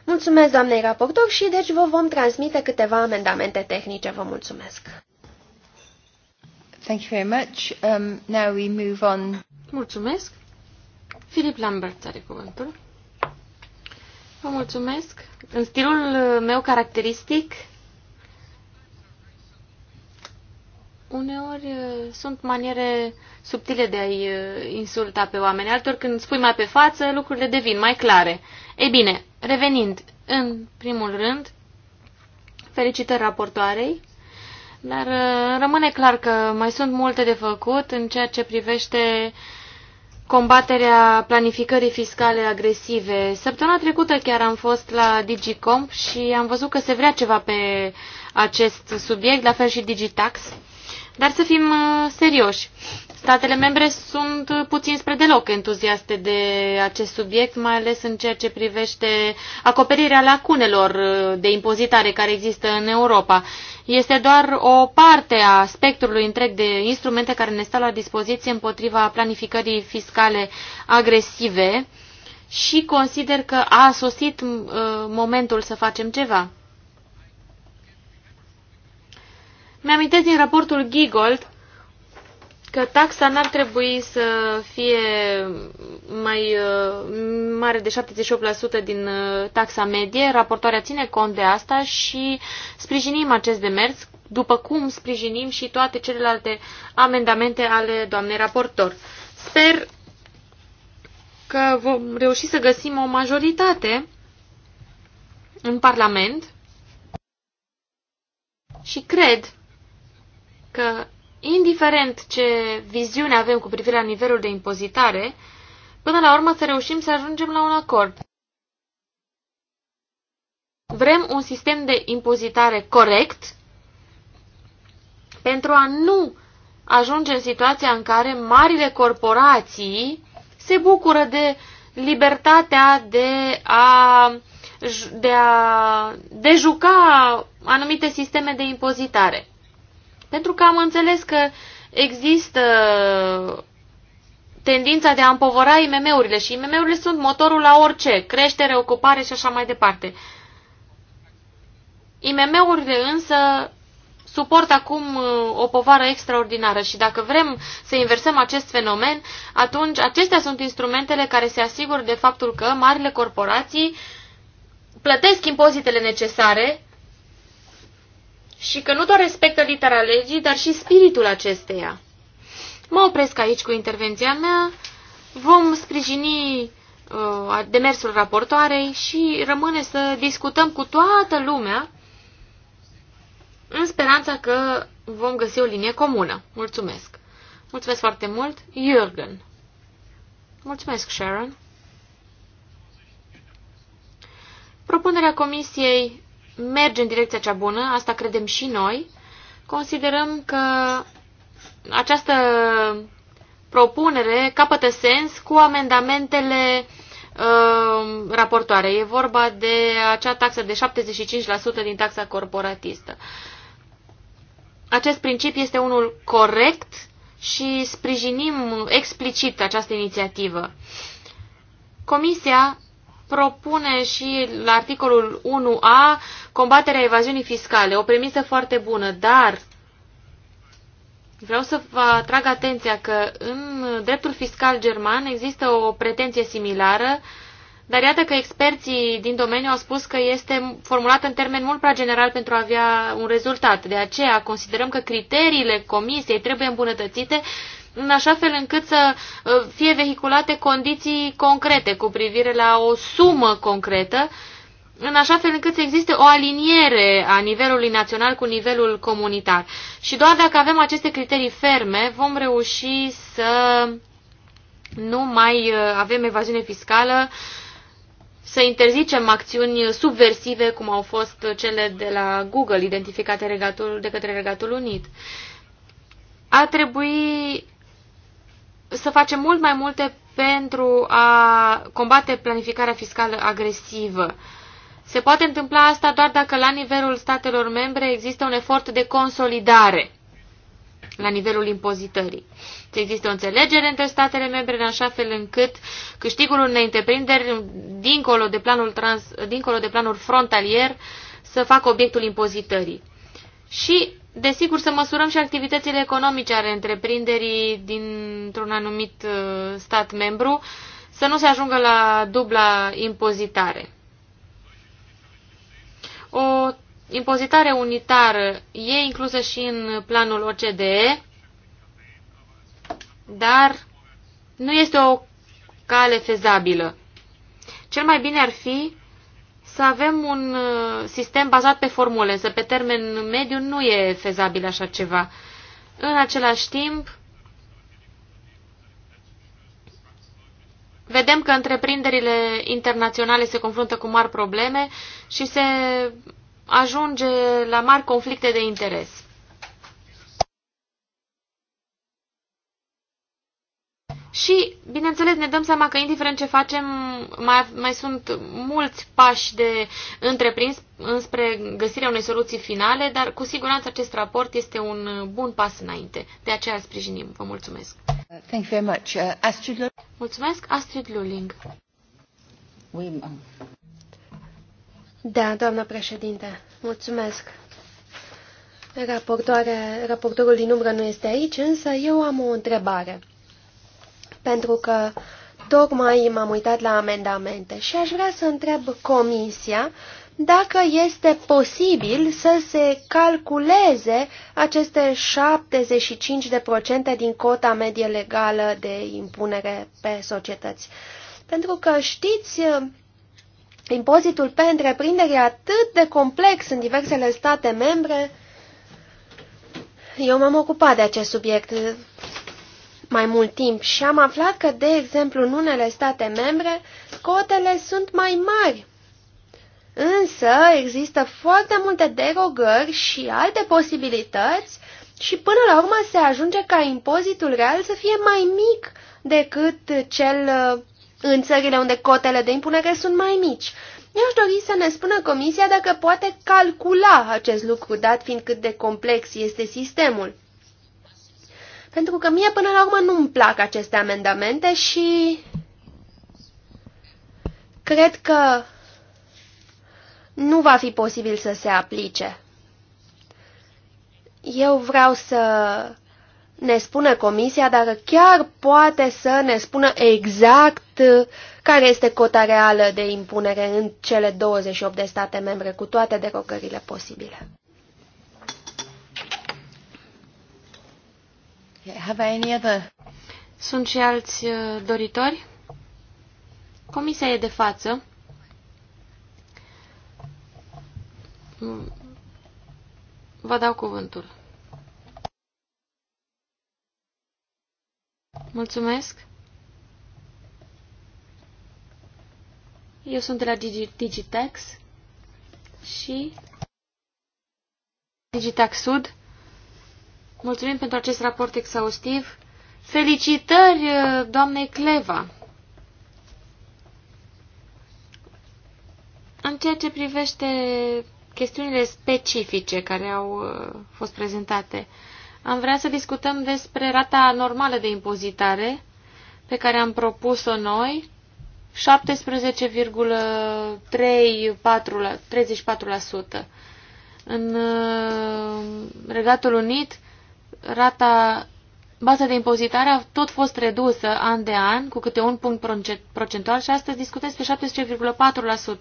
Mulțumesc, doamnei raportor, și deci vă vom transmite câteva amendamente tehnice. Vă mulțumesc. Thank you very much. Um, now we move on. Mulțumesc. Filip Lambert are cuvântul. Vă mulțumesc. În stilul meu caracteristic, Uneori sunt maniere subtile de a-i insulta pe oameni, altor când spui mai pe față, lucrurile devin mai clare. Ei bine, revenind în primul rând, felicitări raportoarei, dar rămâne clar că mai sunt multe de făcut în ceea ce privește combaterea planificării fiscale agresive. Săptămâna trecută chiar am fost la Digicomp și am văzut că se vrea ceva pe acest subiect, la fel și Digitax. Dar să fim uh, serioși. Statele membre sunt uh, puțin spre deloc entuziaste de acest subiect, mai ales în ceea ce privește acoperirea lacunelor uh, de impozitare care există în Europa. Este doar o parte a spectrului întreg de instrumente care ne stau la dispoziție împotriva planificării fiscale agresive și consider că a sosit momentul să facem ceva. Mi-amintesc din raportul Gigold că taxa n-ar trebui să fie mai uh, mare de 78% din uh, taxa medie. Raportoarea ține cont de asta și sprijinim acest demers, după cum sprijinim și toate celelalte amendamente ale doamnei raportor. Sper că vom reuși să găsim o majoritate în Parlament și cred că, indiferent ce viziune avem cu privire la nivelul de impozitare, până la urmă să reușim să ajungem la un acord. Vrem un sistem de impozitare corect pentru a nu ajunge în situația în care marile corporații se bucură de libertatea de a, de a dejuca anumite sisteme de impozitare. Pentru că am înțeles că există tendința de a împovăra IMM-urile și IMM-urile sunt motorul la orice, creștere, ocupare și așa mai departe. IMM-urile însă suport acum uh, o povară extraordinară și dacă vrem să inversăm acest fenomen, atunci acestea sunt instrumentele care se asigură de faptul că marile corporații plătesc impozitele necesare și că nu doar respectă litera legii, dar și spiritul acesteia. Mă opresc aici cu intervenția mea, vom sprijini uh, demersul raportoarei și rămâne să discutăm cu toată lumea în speranța că vom găsi o linie comună. Mulțumesc! Mulțumesc foarte mult, Jürgen! Mulțumesc, Sharon! Propunerea comisiei merge în direcția cea bună, asta credem și noi. Considerăm că această propunere capătă sens cu amendamentele uh, raportoare. E vorba de acea taxă de 75% din taxa corporatistă. Acest principiu este unul corect și sprijinim explicit această inițiativă. Comisia propune și la articolul 1a combaterea evaziunii fiscale. O premisă foarte bună, dar vreau să vă atrag atenția că în dreptul fiscal german există o pretenție similară, dar iată că experții din domeniu au spus că este formulată în termen mult prea general pentru a avea un rezultat. De aceea considerăm că criteriile comisiei trebuie îmbunătățite în așa fel încât să uh, fie vehiculate condiții concrete cu privire la o sumă concretă, în așa fel încât să existe o aliniere a nivelului național cu nivelul comunitar. Și doar dacă avem aceste criterii ferme, vom reuși să nu mai uh, avem evaziune fiscală, să interzicem acțiuni subversive, cum au fost cele de la Google, identificate de către Regatul Unit. A trebui să facem mult mai multe pentru a combate planificarea fiscală agresivă. Se poate întâmpla asta doar dacă la nivelul statelor membre există un efort de consolidare la nivelul impozitării. se există o înțelegere între statele membre în așa fel încât câștigul unei întreprinderi dincolo de planul, trans, dincolo de planul frontalier să facă obiectul impozitării și, desigur, să măsurăm și activitățile economice ale întreprinderii dintr-un anumit uh, stat membru, să nu se ajungă la dubla impozitare. O impozitare unitară e inclusă și în planul OCDE, dar nu este o cale fezabilă. Cel mai bine ar fi să avem un uh, sistem bazat pe formule, să pe termen mediu nu e fezabil așa ceva. În același timp, vedem că întreprinderile internaționale se confruntă cu mari probleme și se ajunge la mari conflicte de interes. Și, bineînțeles, ne dăm seama că, indiferent ce facem, mai, mai sunt mulți pași de întreprins înspre găsirea unei soluții finale, dar cu siguranță acest raport este un bun pas înainte. De aceea îl sprijinim. Vă mulțumesc. Thank you very much. Uh, Astrid Mulțumesc, Astrid Luling. Da, doamnă președinte, mulțumesc. Raportoare, raportorul din umbră nu este aici, însă eu am o întrebare pentru că tocmai m-am uitat la amendamente și aș vrea să întreb comisia dacă este posibil să se calculeze aceste 75% din cota medie legală de impunere pe societăți. Pentru că știți, impozitul pe întreprindere e atât de complex în diversele state membre. Eu m-am ocupat de acest subiect mai mult timp și am aflat că, de exemplu, în unele state membre, cotele sunt mai mari. Însă există foarte multe derogări și alte posibilități și până la urmă se ajunge ca impozitul real să fie mai mic decât cel uh, în țările unde cotele de impunere sunt mai mici. Mi-aș dori să ne spună Comisia dacă poate calcula acest lucru, dat fiind cât de complex este sistemul. Pentru că mie până la urmă nu-mi plac aceste amendamente și cred că nu va fi posibil să se aplice. Eu vreau să ne spună comisia dacă chiar poate să ne spună exact care este cota reală de impunere în cele 28 de state membre, cu toate derogările posibile. Have I any other? Sunt și alți uh, doritori? Comisia e de față. Mm. Vă dau cuvântul. Mulțumesc. Eu sunt de la Digi Digitex și Digitax Sud Mulțumim pentru acest raport exhaustiv. Felicitări uh, doamnei Cleva! În ceea ce privește chestiunile specifice care au uh, fost prezentate, am vrea să discutăm despre rata normală de impozitare pe care am propus-o noi, 17,34%. În uh, Regatul Unit, rata, baza de impozitare a tot fost redusă an de an cu câte un punct procentual și astăzi discutăm despre 17,4%.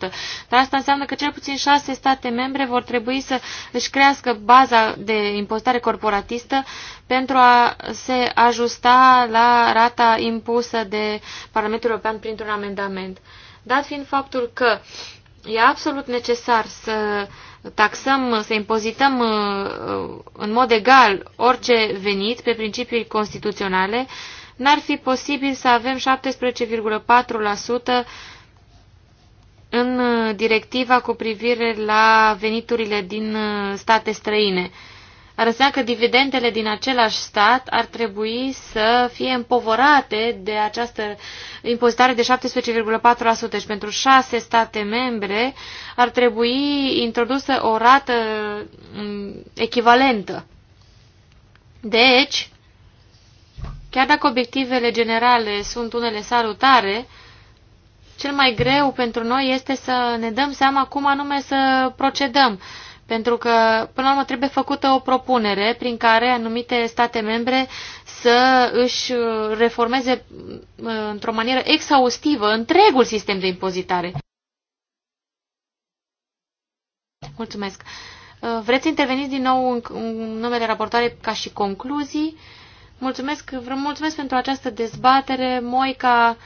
Dar asta înseamnă că cel puțin șase state membre vor trebui să își crească baza de impozitare corporatistă pentru a se ajusta la rata impusă de Parlamentul European printr-un amendament. Dat fiind faptul că e absolut necesar să uh, taxăm, să impozităm uh, uh, în mod egal orice venit pe principii constituționale, n-ar fi posibil să avem 17,4% în uh, directiva cu privire la veniturile din state străine ar însemna că dividendele din același stat ar trebui să fie împovorate de această impozitare de 17,4%. Și deci pentru șase state membre ar trebui introdusă o rată mm, echivalentă. Deci, chiar dacă obiectivele generale sunt unele salutare, cel mai greu pentru noi este să ne dăm seama cum anume să procedăm pentru că, până la urmă, trebuie făcută o propunere prin care anumite state membre să își uh, reformeze uh, într-o manieră exhaustivă întregul sistem de impozitare. Mulțumesc. Uh, vreți să interveniți din nou în, în numele raportoare ca și concluzii? Mulțumesc, vă mulțumesc pentru această dezbatere. Moica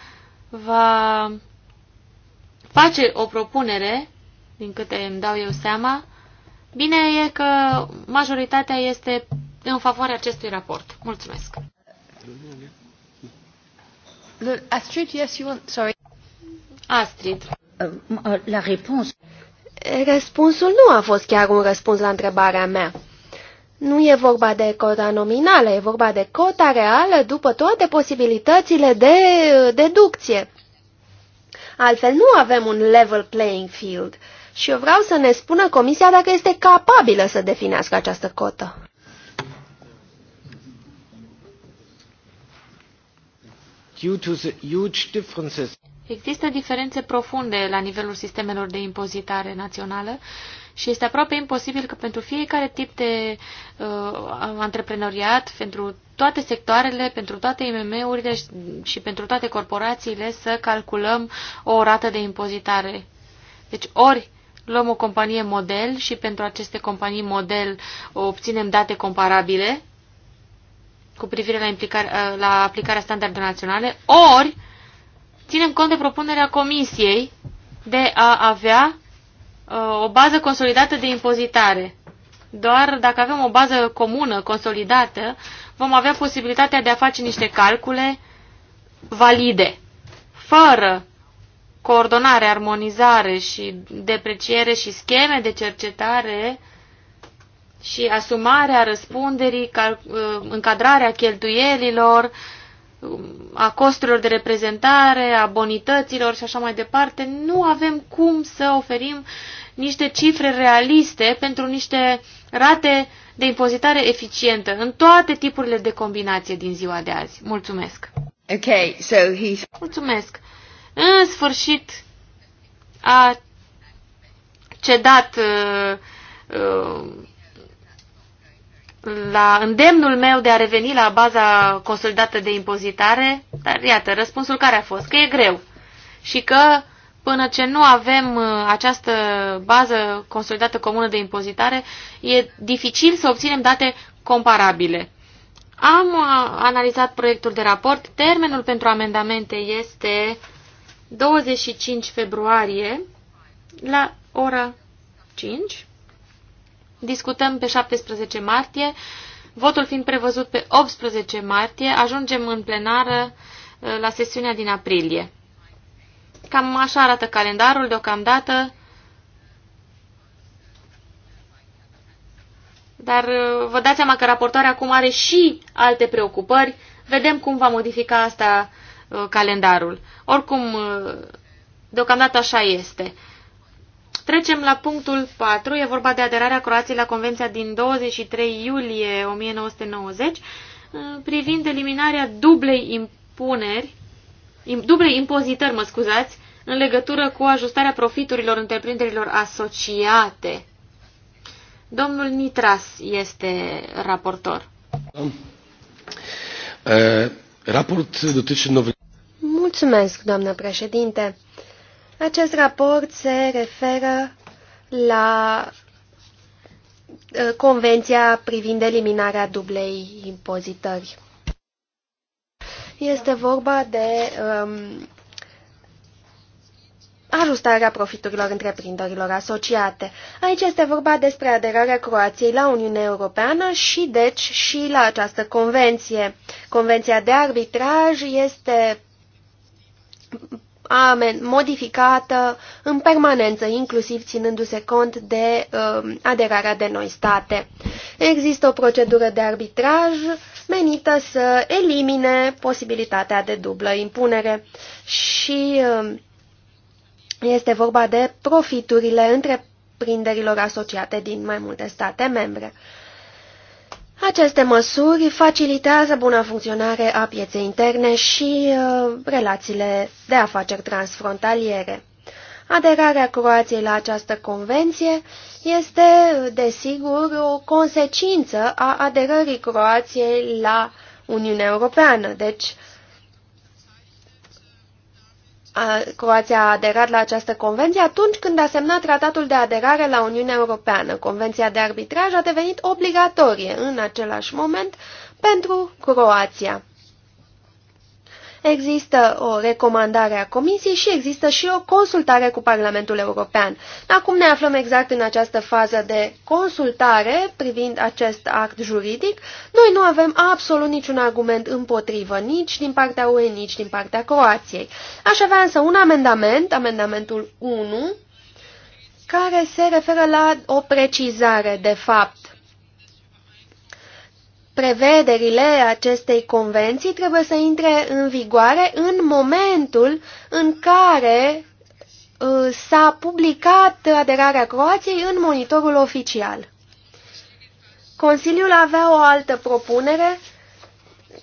va face o propunere, din câte îmi dau eu seama, Bine e că majoritatea este în favoarea acestui raport. Mulțumesc. Astrid, yes, you want... Sorry. Astrid. La răspuns. Răspunsul nu a fost chiar un răspuns la întrebarea mea. Nu e vorba de cota nominală, e vorba de cota reală după toate posibilitățile de deducție. Altfel nu avem un level playing field. Uh, și eu vreau să ne spună Comisia dacă este capabilă să definească această cotă. Due to the huge differences Există diferențe profunde la nivelul sistemelor de impozitare națională și este aproape imposibil că pentru fiecare tip de uh, antreprenoriat, pentru toate sectoarele, pentru toate IMM-urile și, și pentru toate corporațiile să calculăm o rată de impozitare. Deci ori luăm o companie model și pentru aceste companii model obținem date comparabile cu privire la, implicare, la aplicarea standardelor naționale, ori ținem cont de propunerea Comisiei de a avea uh, o bază consolidată de impozitare. Doar dacă avem o bază comună, consolidată, vom avea posibilitatea de a face niște calcule valide, fără coordonare, armonizare și depreciere și scheme de cercetare și asumarea răspunderii, uh, încadrarea cheltuielilor, um, a costurilor de reprezentare, a bonităților și așa mai departe, nu avem cum să oferim niște cifre realiste pentru niște rate de impozitare eficientă în toate tipurile de combinație din ziua de azi. Mulțumesc! Okay, so he's... Mulțumesc! în sfârșit a cedat uh, uh, la îndemnul meu de a reveni la baza consolidată de impozitare, dar iată, răspunsul care a fost? Că e greu și că până ce nu avem uh, această bază consolidată comună de impozitare, e dificil să obținem date comparabile. Am uh, analizat proiectul de raport. Termenul pentru amendamente este 25 februarie, la ora 5. Discutăm pe 17 martie, votul fiind prevăzut pe 18 martie, ajungem în plenară uh, la sesiunea din aprilie. Cam așa arată calendarul deocamdată, dar uh, vă dați seama că raportarea acum are și alte preocupări. Vedem cum va modifica asta Uh, calendarul. Oricum, uh, deocamdată așa este. Trecem la punctul 4. E vorba de aderarea Croației la Convenția din 23 iulie 1990 uh, privind eliminarea dublei impuneri, dublei impozitări, mă scuzați, în legătură cu ajustarea profiturilor întreprinderilor asociate. Domnul Nitras este raportor. raport dotyczy nowych... Mulțumesc, doamnă președinte. Acest raport se referă la uh, Convenția privind eliminarea dublei impozitări. Este vorba de um, ajustarea profiturilor întreprinderilor asociate. Aici este vorba despre aderarea Croației la Uniunea Europeană și deci și la această convenție. Convenția de arbitraj este amen, modificată în permanență, inclusiv ținându-se cont de uh, aderarea de noi state. Există o procedură de arbitraj menită să elimine posibilitatea de dublă impunere și uh, este vorba de profiturile întreprinderilor asociate din mai multe state membre. Uh, aceste măsuri facilitează buna funcționare a pieței interne și uh, relațiile de afaceri transfrontaliere. Aderarea Croației la această convenție este, desigur, o consecință a aderării Croației la Uniunea Europeană, deci Croația a aderat la această convenție atunci când a semnat tratatul de aderare la Uniunea Europeană. Convenția de arbitraj a devenit obligatorie în același moment pentru Croația. Există o recomandare a Comisiei și există și o consultare cu Parlamentul European. Acum ne aflăm exact în această fază de consultare privind acest act juridic. Noi nu avem absolut niciun argument împotrivă, nici din partea UE, nici din partea Croației. Aș avea însă un amendament, amendamentul 1, care se referă la o precizare de fapt prevederile acestei convenții trebuie să intre în vigoare în momentul în care uh, s-a publicat aderarea Croației în monitorul oficial. Consiliul avea o altă propunere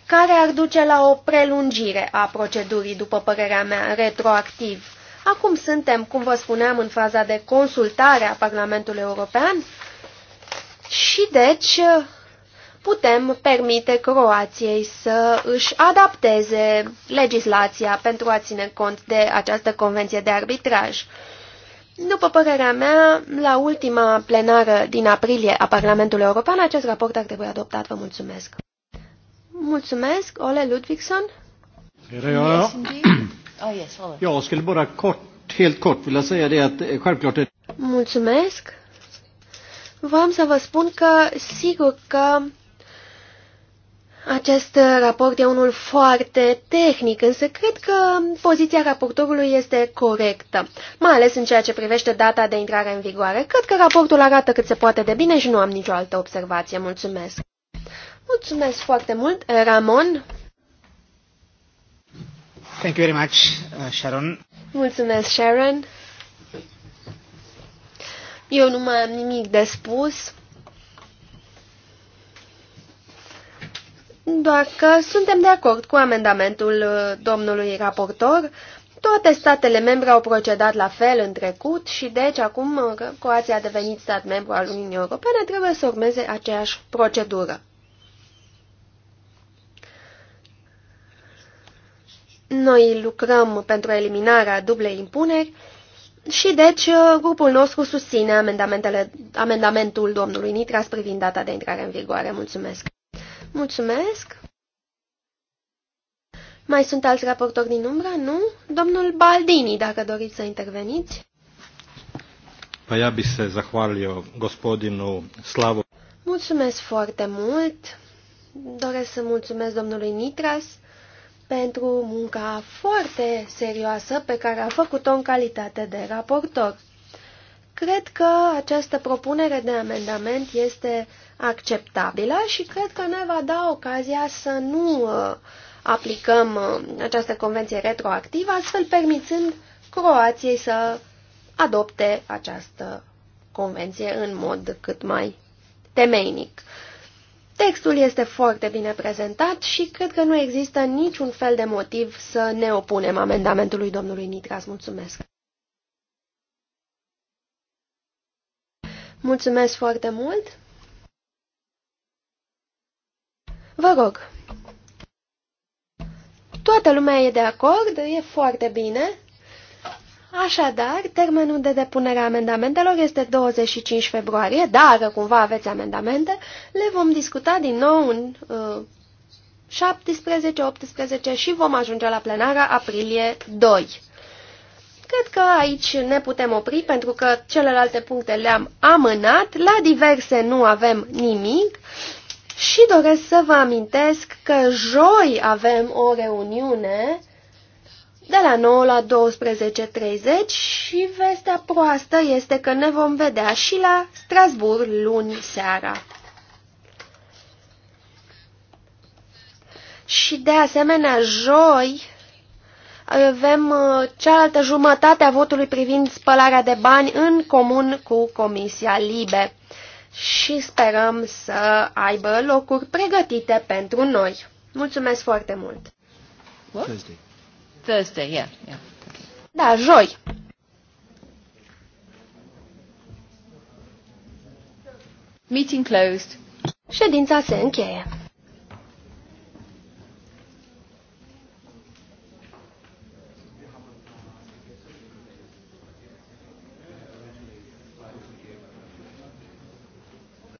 care ar duce la o prelungire a procedurii, după părerea mea, retroactiv. Acum suntem, cum vă spuneam, în faza de consultare a Parlamentului European și deci putem permite Croației să își adapteze legislația pentru a ține cont de această convenție de arbitraj. După părerea mea, la ultima plenară din aprilie a Parlamentului European, acest raport ar trebui adoptat. Vă mulțumesc. Mulțumesc, Ole Ludvigson. Oh, bara helt eh, Mulțumesc. Vreau să vă spun că sigur că acest raport e unul foarte tehnic, însă cred că poziția raportorului este corectă, mai ales în ceea ce privește data de intrare în vigoare. Cred că raportul arată cât se poate de bine și nu am nicio altă observație. Mulțumesc! Mulțumesc foarte mult, Ramon! Thank you very much, uh, Sharon. Mulțumesc, Sharon! Eu nu mai am nimic de spus. doar că suntem de acord cu amendamentul uh, domnului raportor. Toate statele membre au procedat la fel în trecut și deci acum uh, că Croația a devenit stat membru al Uniunii Europene trebuie să urmeze aceeași procedură. Noi lucrăm pentru eliminarea dublei impuneri și deci uh, grupul nostru susține amendamentele, amendamentul domnului Nitras privind data de intrare în vigoare. Mulțumesc! Mulțumesc! Mai sunt alți raportori din umbră? Nu? Domnul Baldini, dacă doriți să interveniți. Pa ja bi se zahvalio gospodinu Slavu. Mulțumesc foarte mult. Doresc să mulțumesc domnului Nitras pentru munca foarte serioasă pe care a făcut-o în calitate de raportor. Cred că această propunere de amendament este acceptabilă și cred că ne va da ocazia să nu uh, aplicăm uh, această convenție retroactivă, astfel permițând Croației să adopte această convenție în mod cât mai temeinic. Textul este foarte bine prezentat și cred că nu există niciun fel de motiv să ne opunem amendamentului domnului Nitras. Mulțumesc! Mulțumesc foarte mult! Vă rog. Toată lumea e de acord, e foarte bine. Așadar, termenul de depunere a amendamentelor este 25 februarie. Dacă cumva aveți amendamente, le vom discuta din nou în uh, 17-18 și vom ajunge la plenara aprilie 2. Cred că aici ne putem opri pentru că celelalte puncte le-am amânat. La diverse nu avem nimic. Uh, și doresc să vă amintesc că joi avem o reuniune de la 9 la 12.30 și vestea proastă este că ne vom vedea și la Strasbourg luni seara. Și de asemenea, joi avem uh, cealaltă jumătate a votului privind spălarea de bani în comun cu Comisia Libe și sperăm să aibă locuri pregătite pentru noi. Mulțumesc foarte mult! What? Thursday. Thursday, yeah, yeah. Okay. Da, joi! Meeting closed. Ședința se încheie.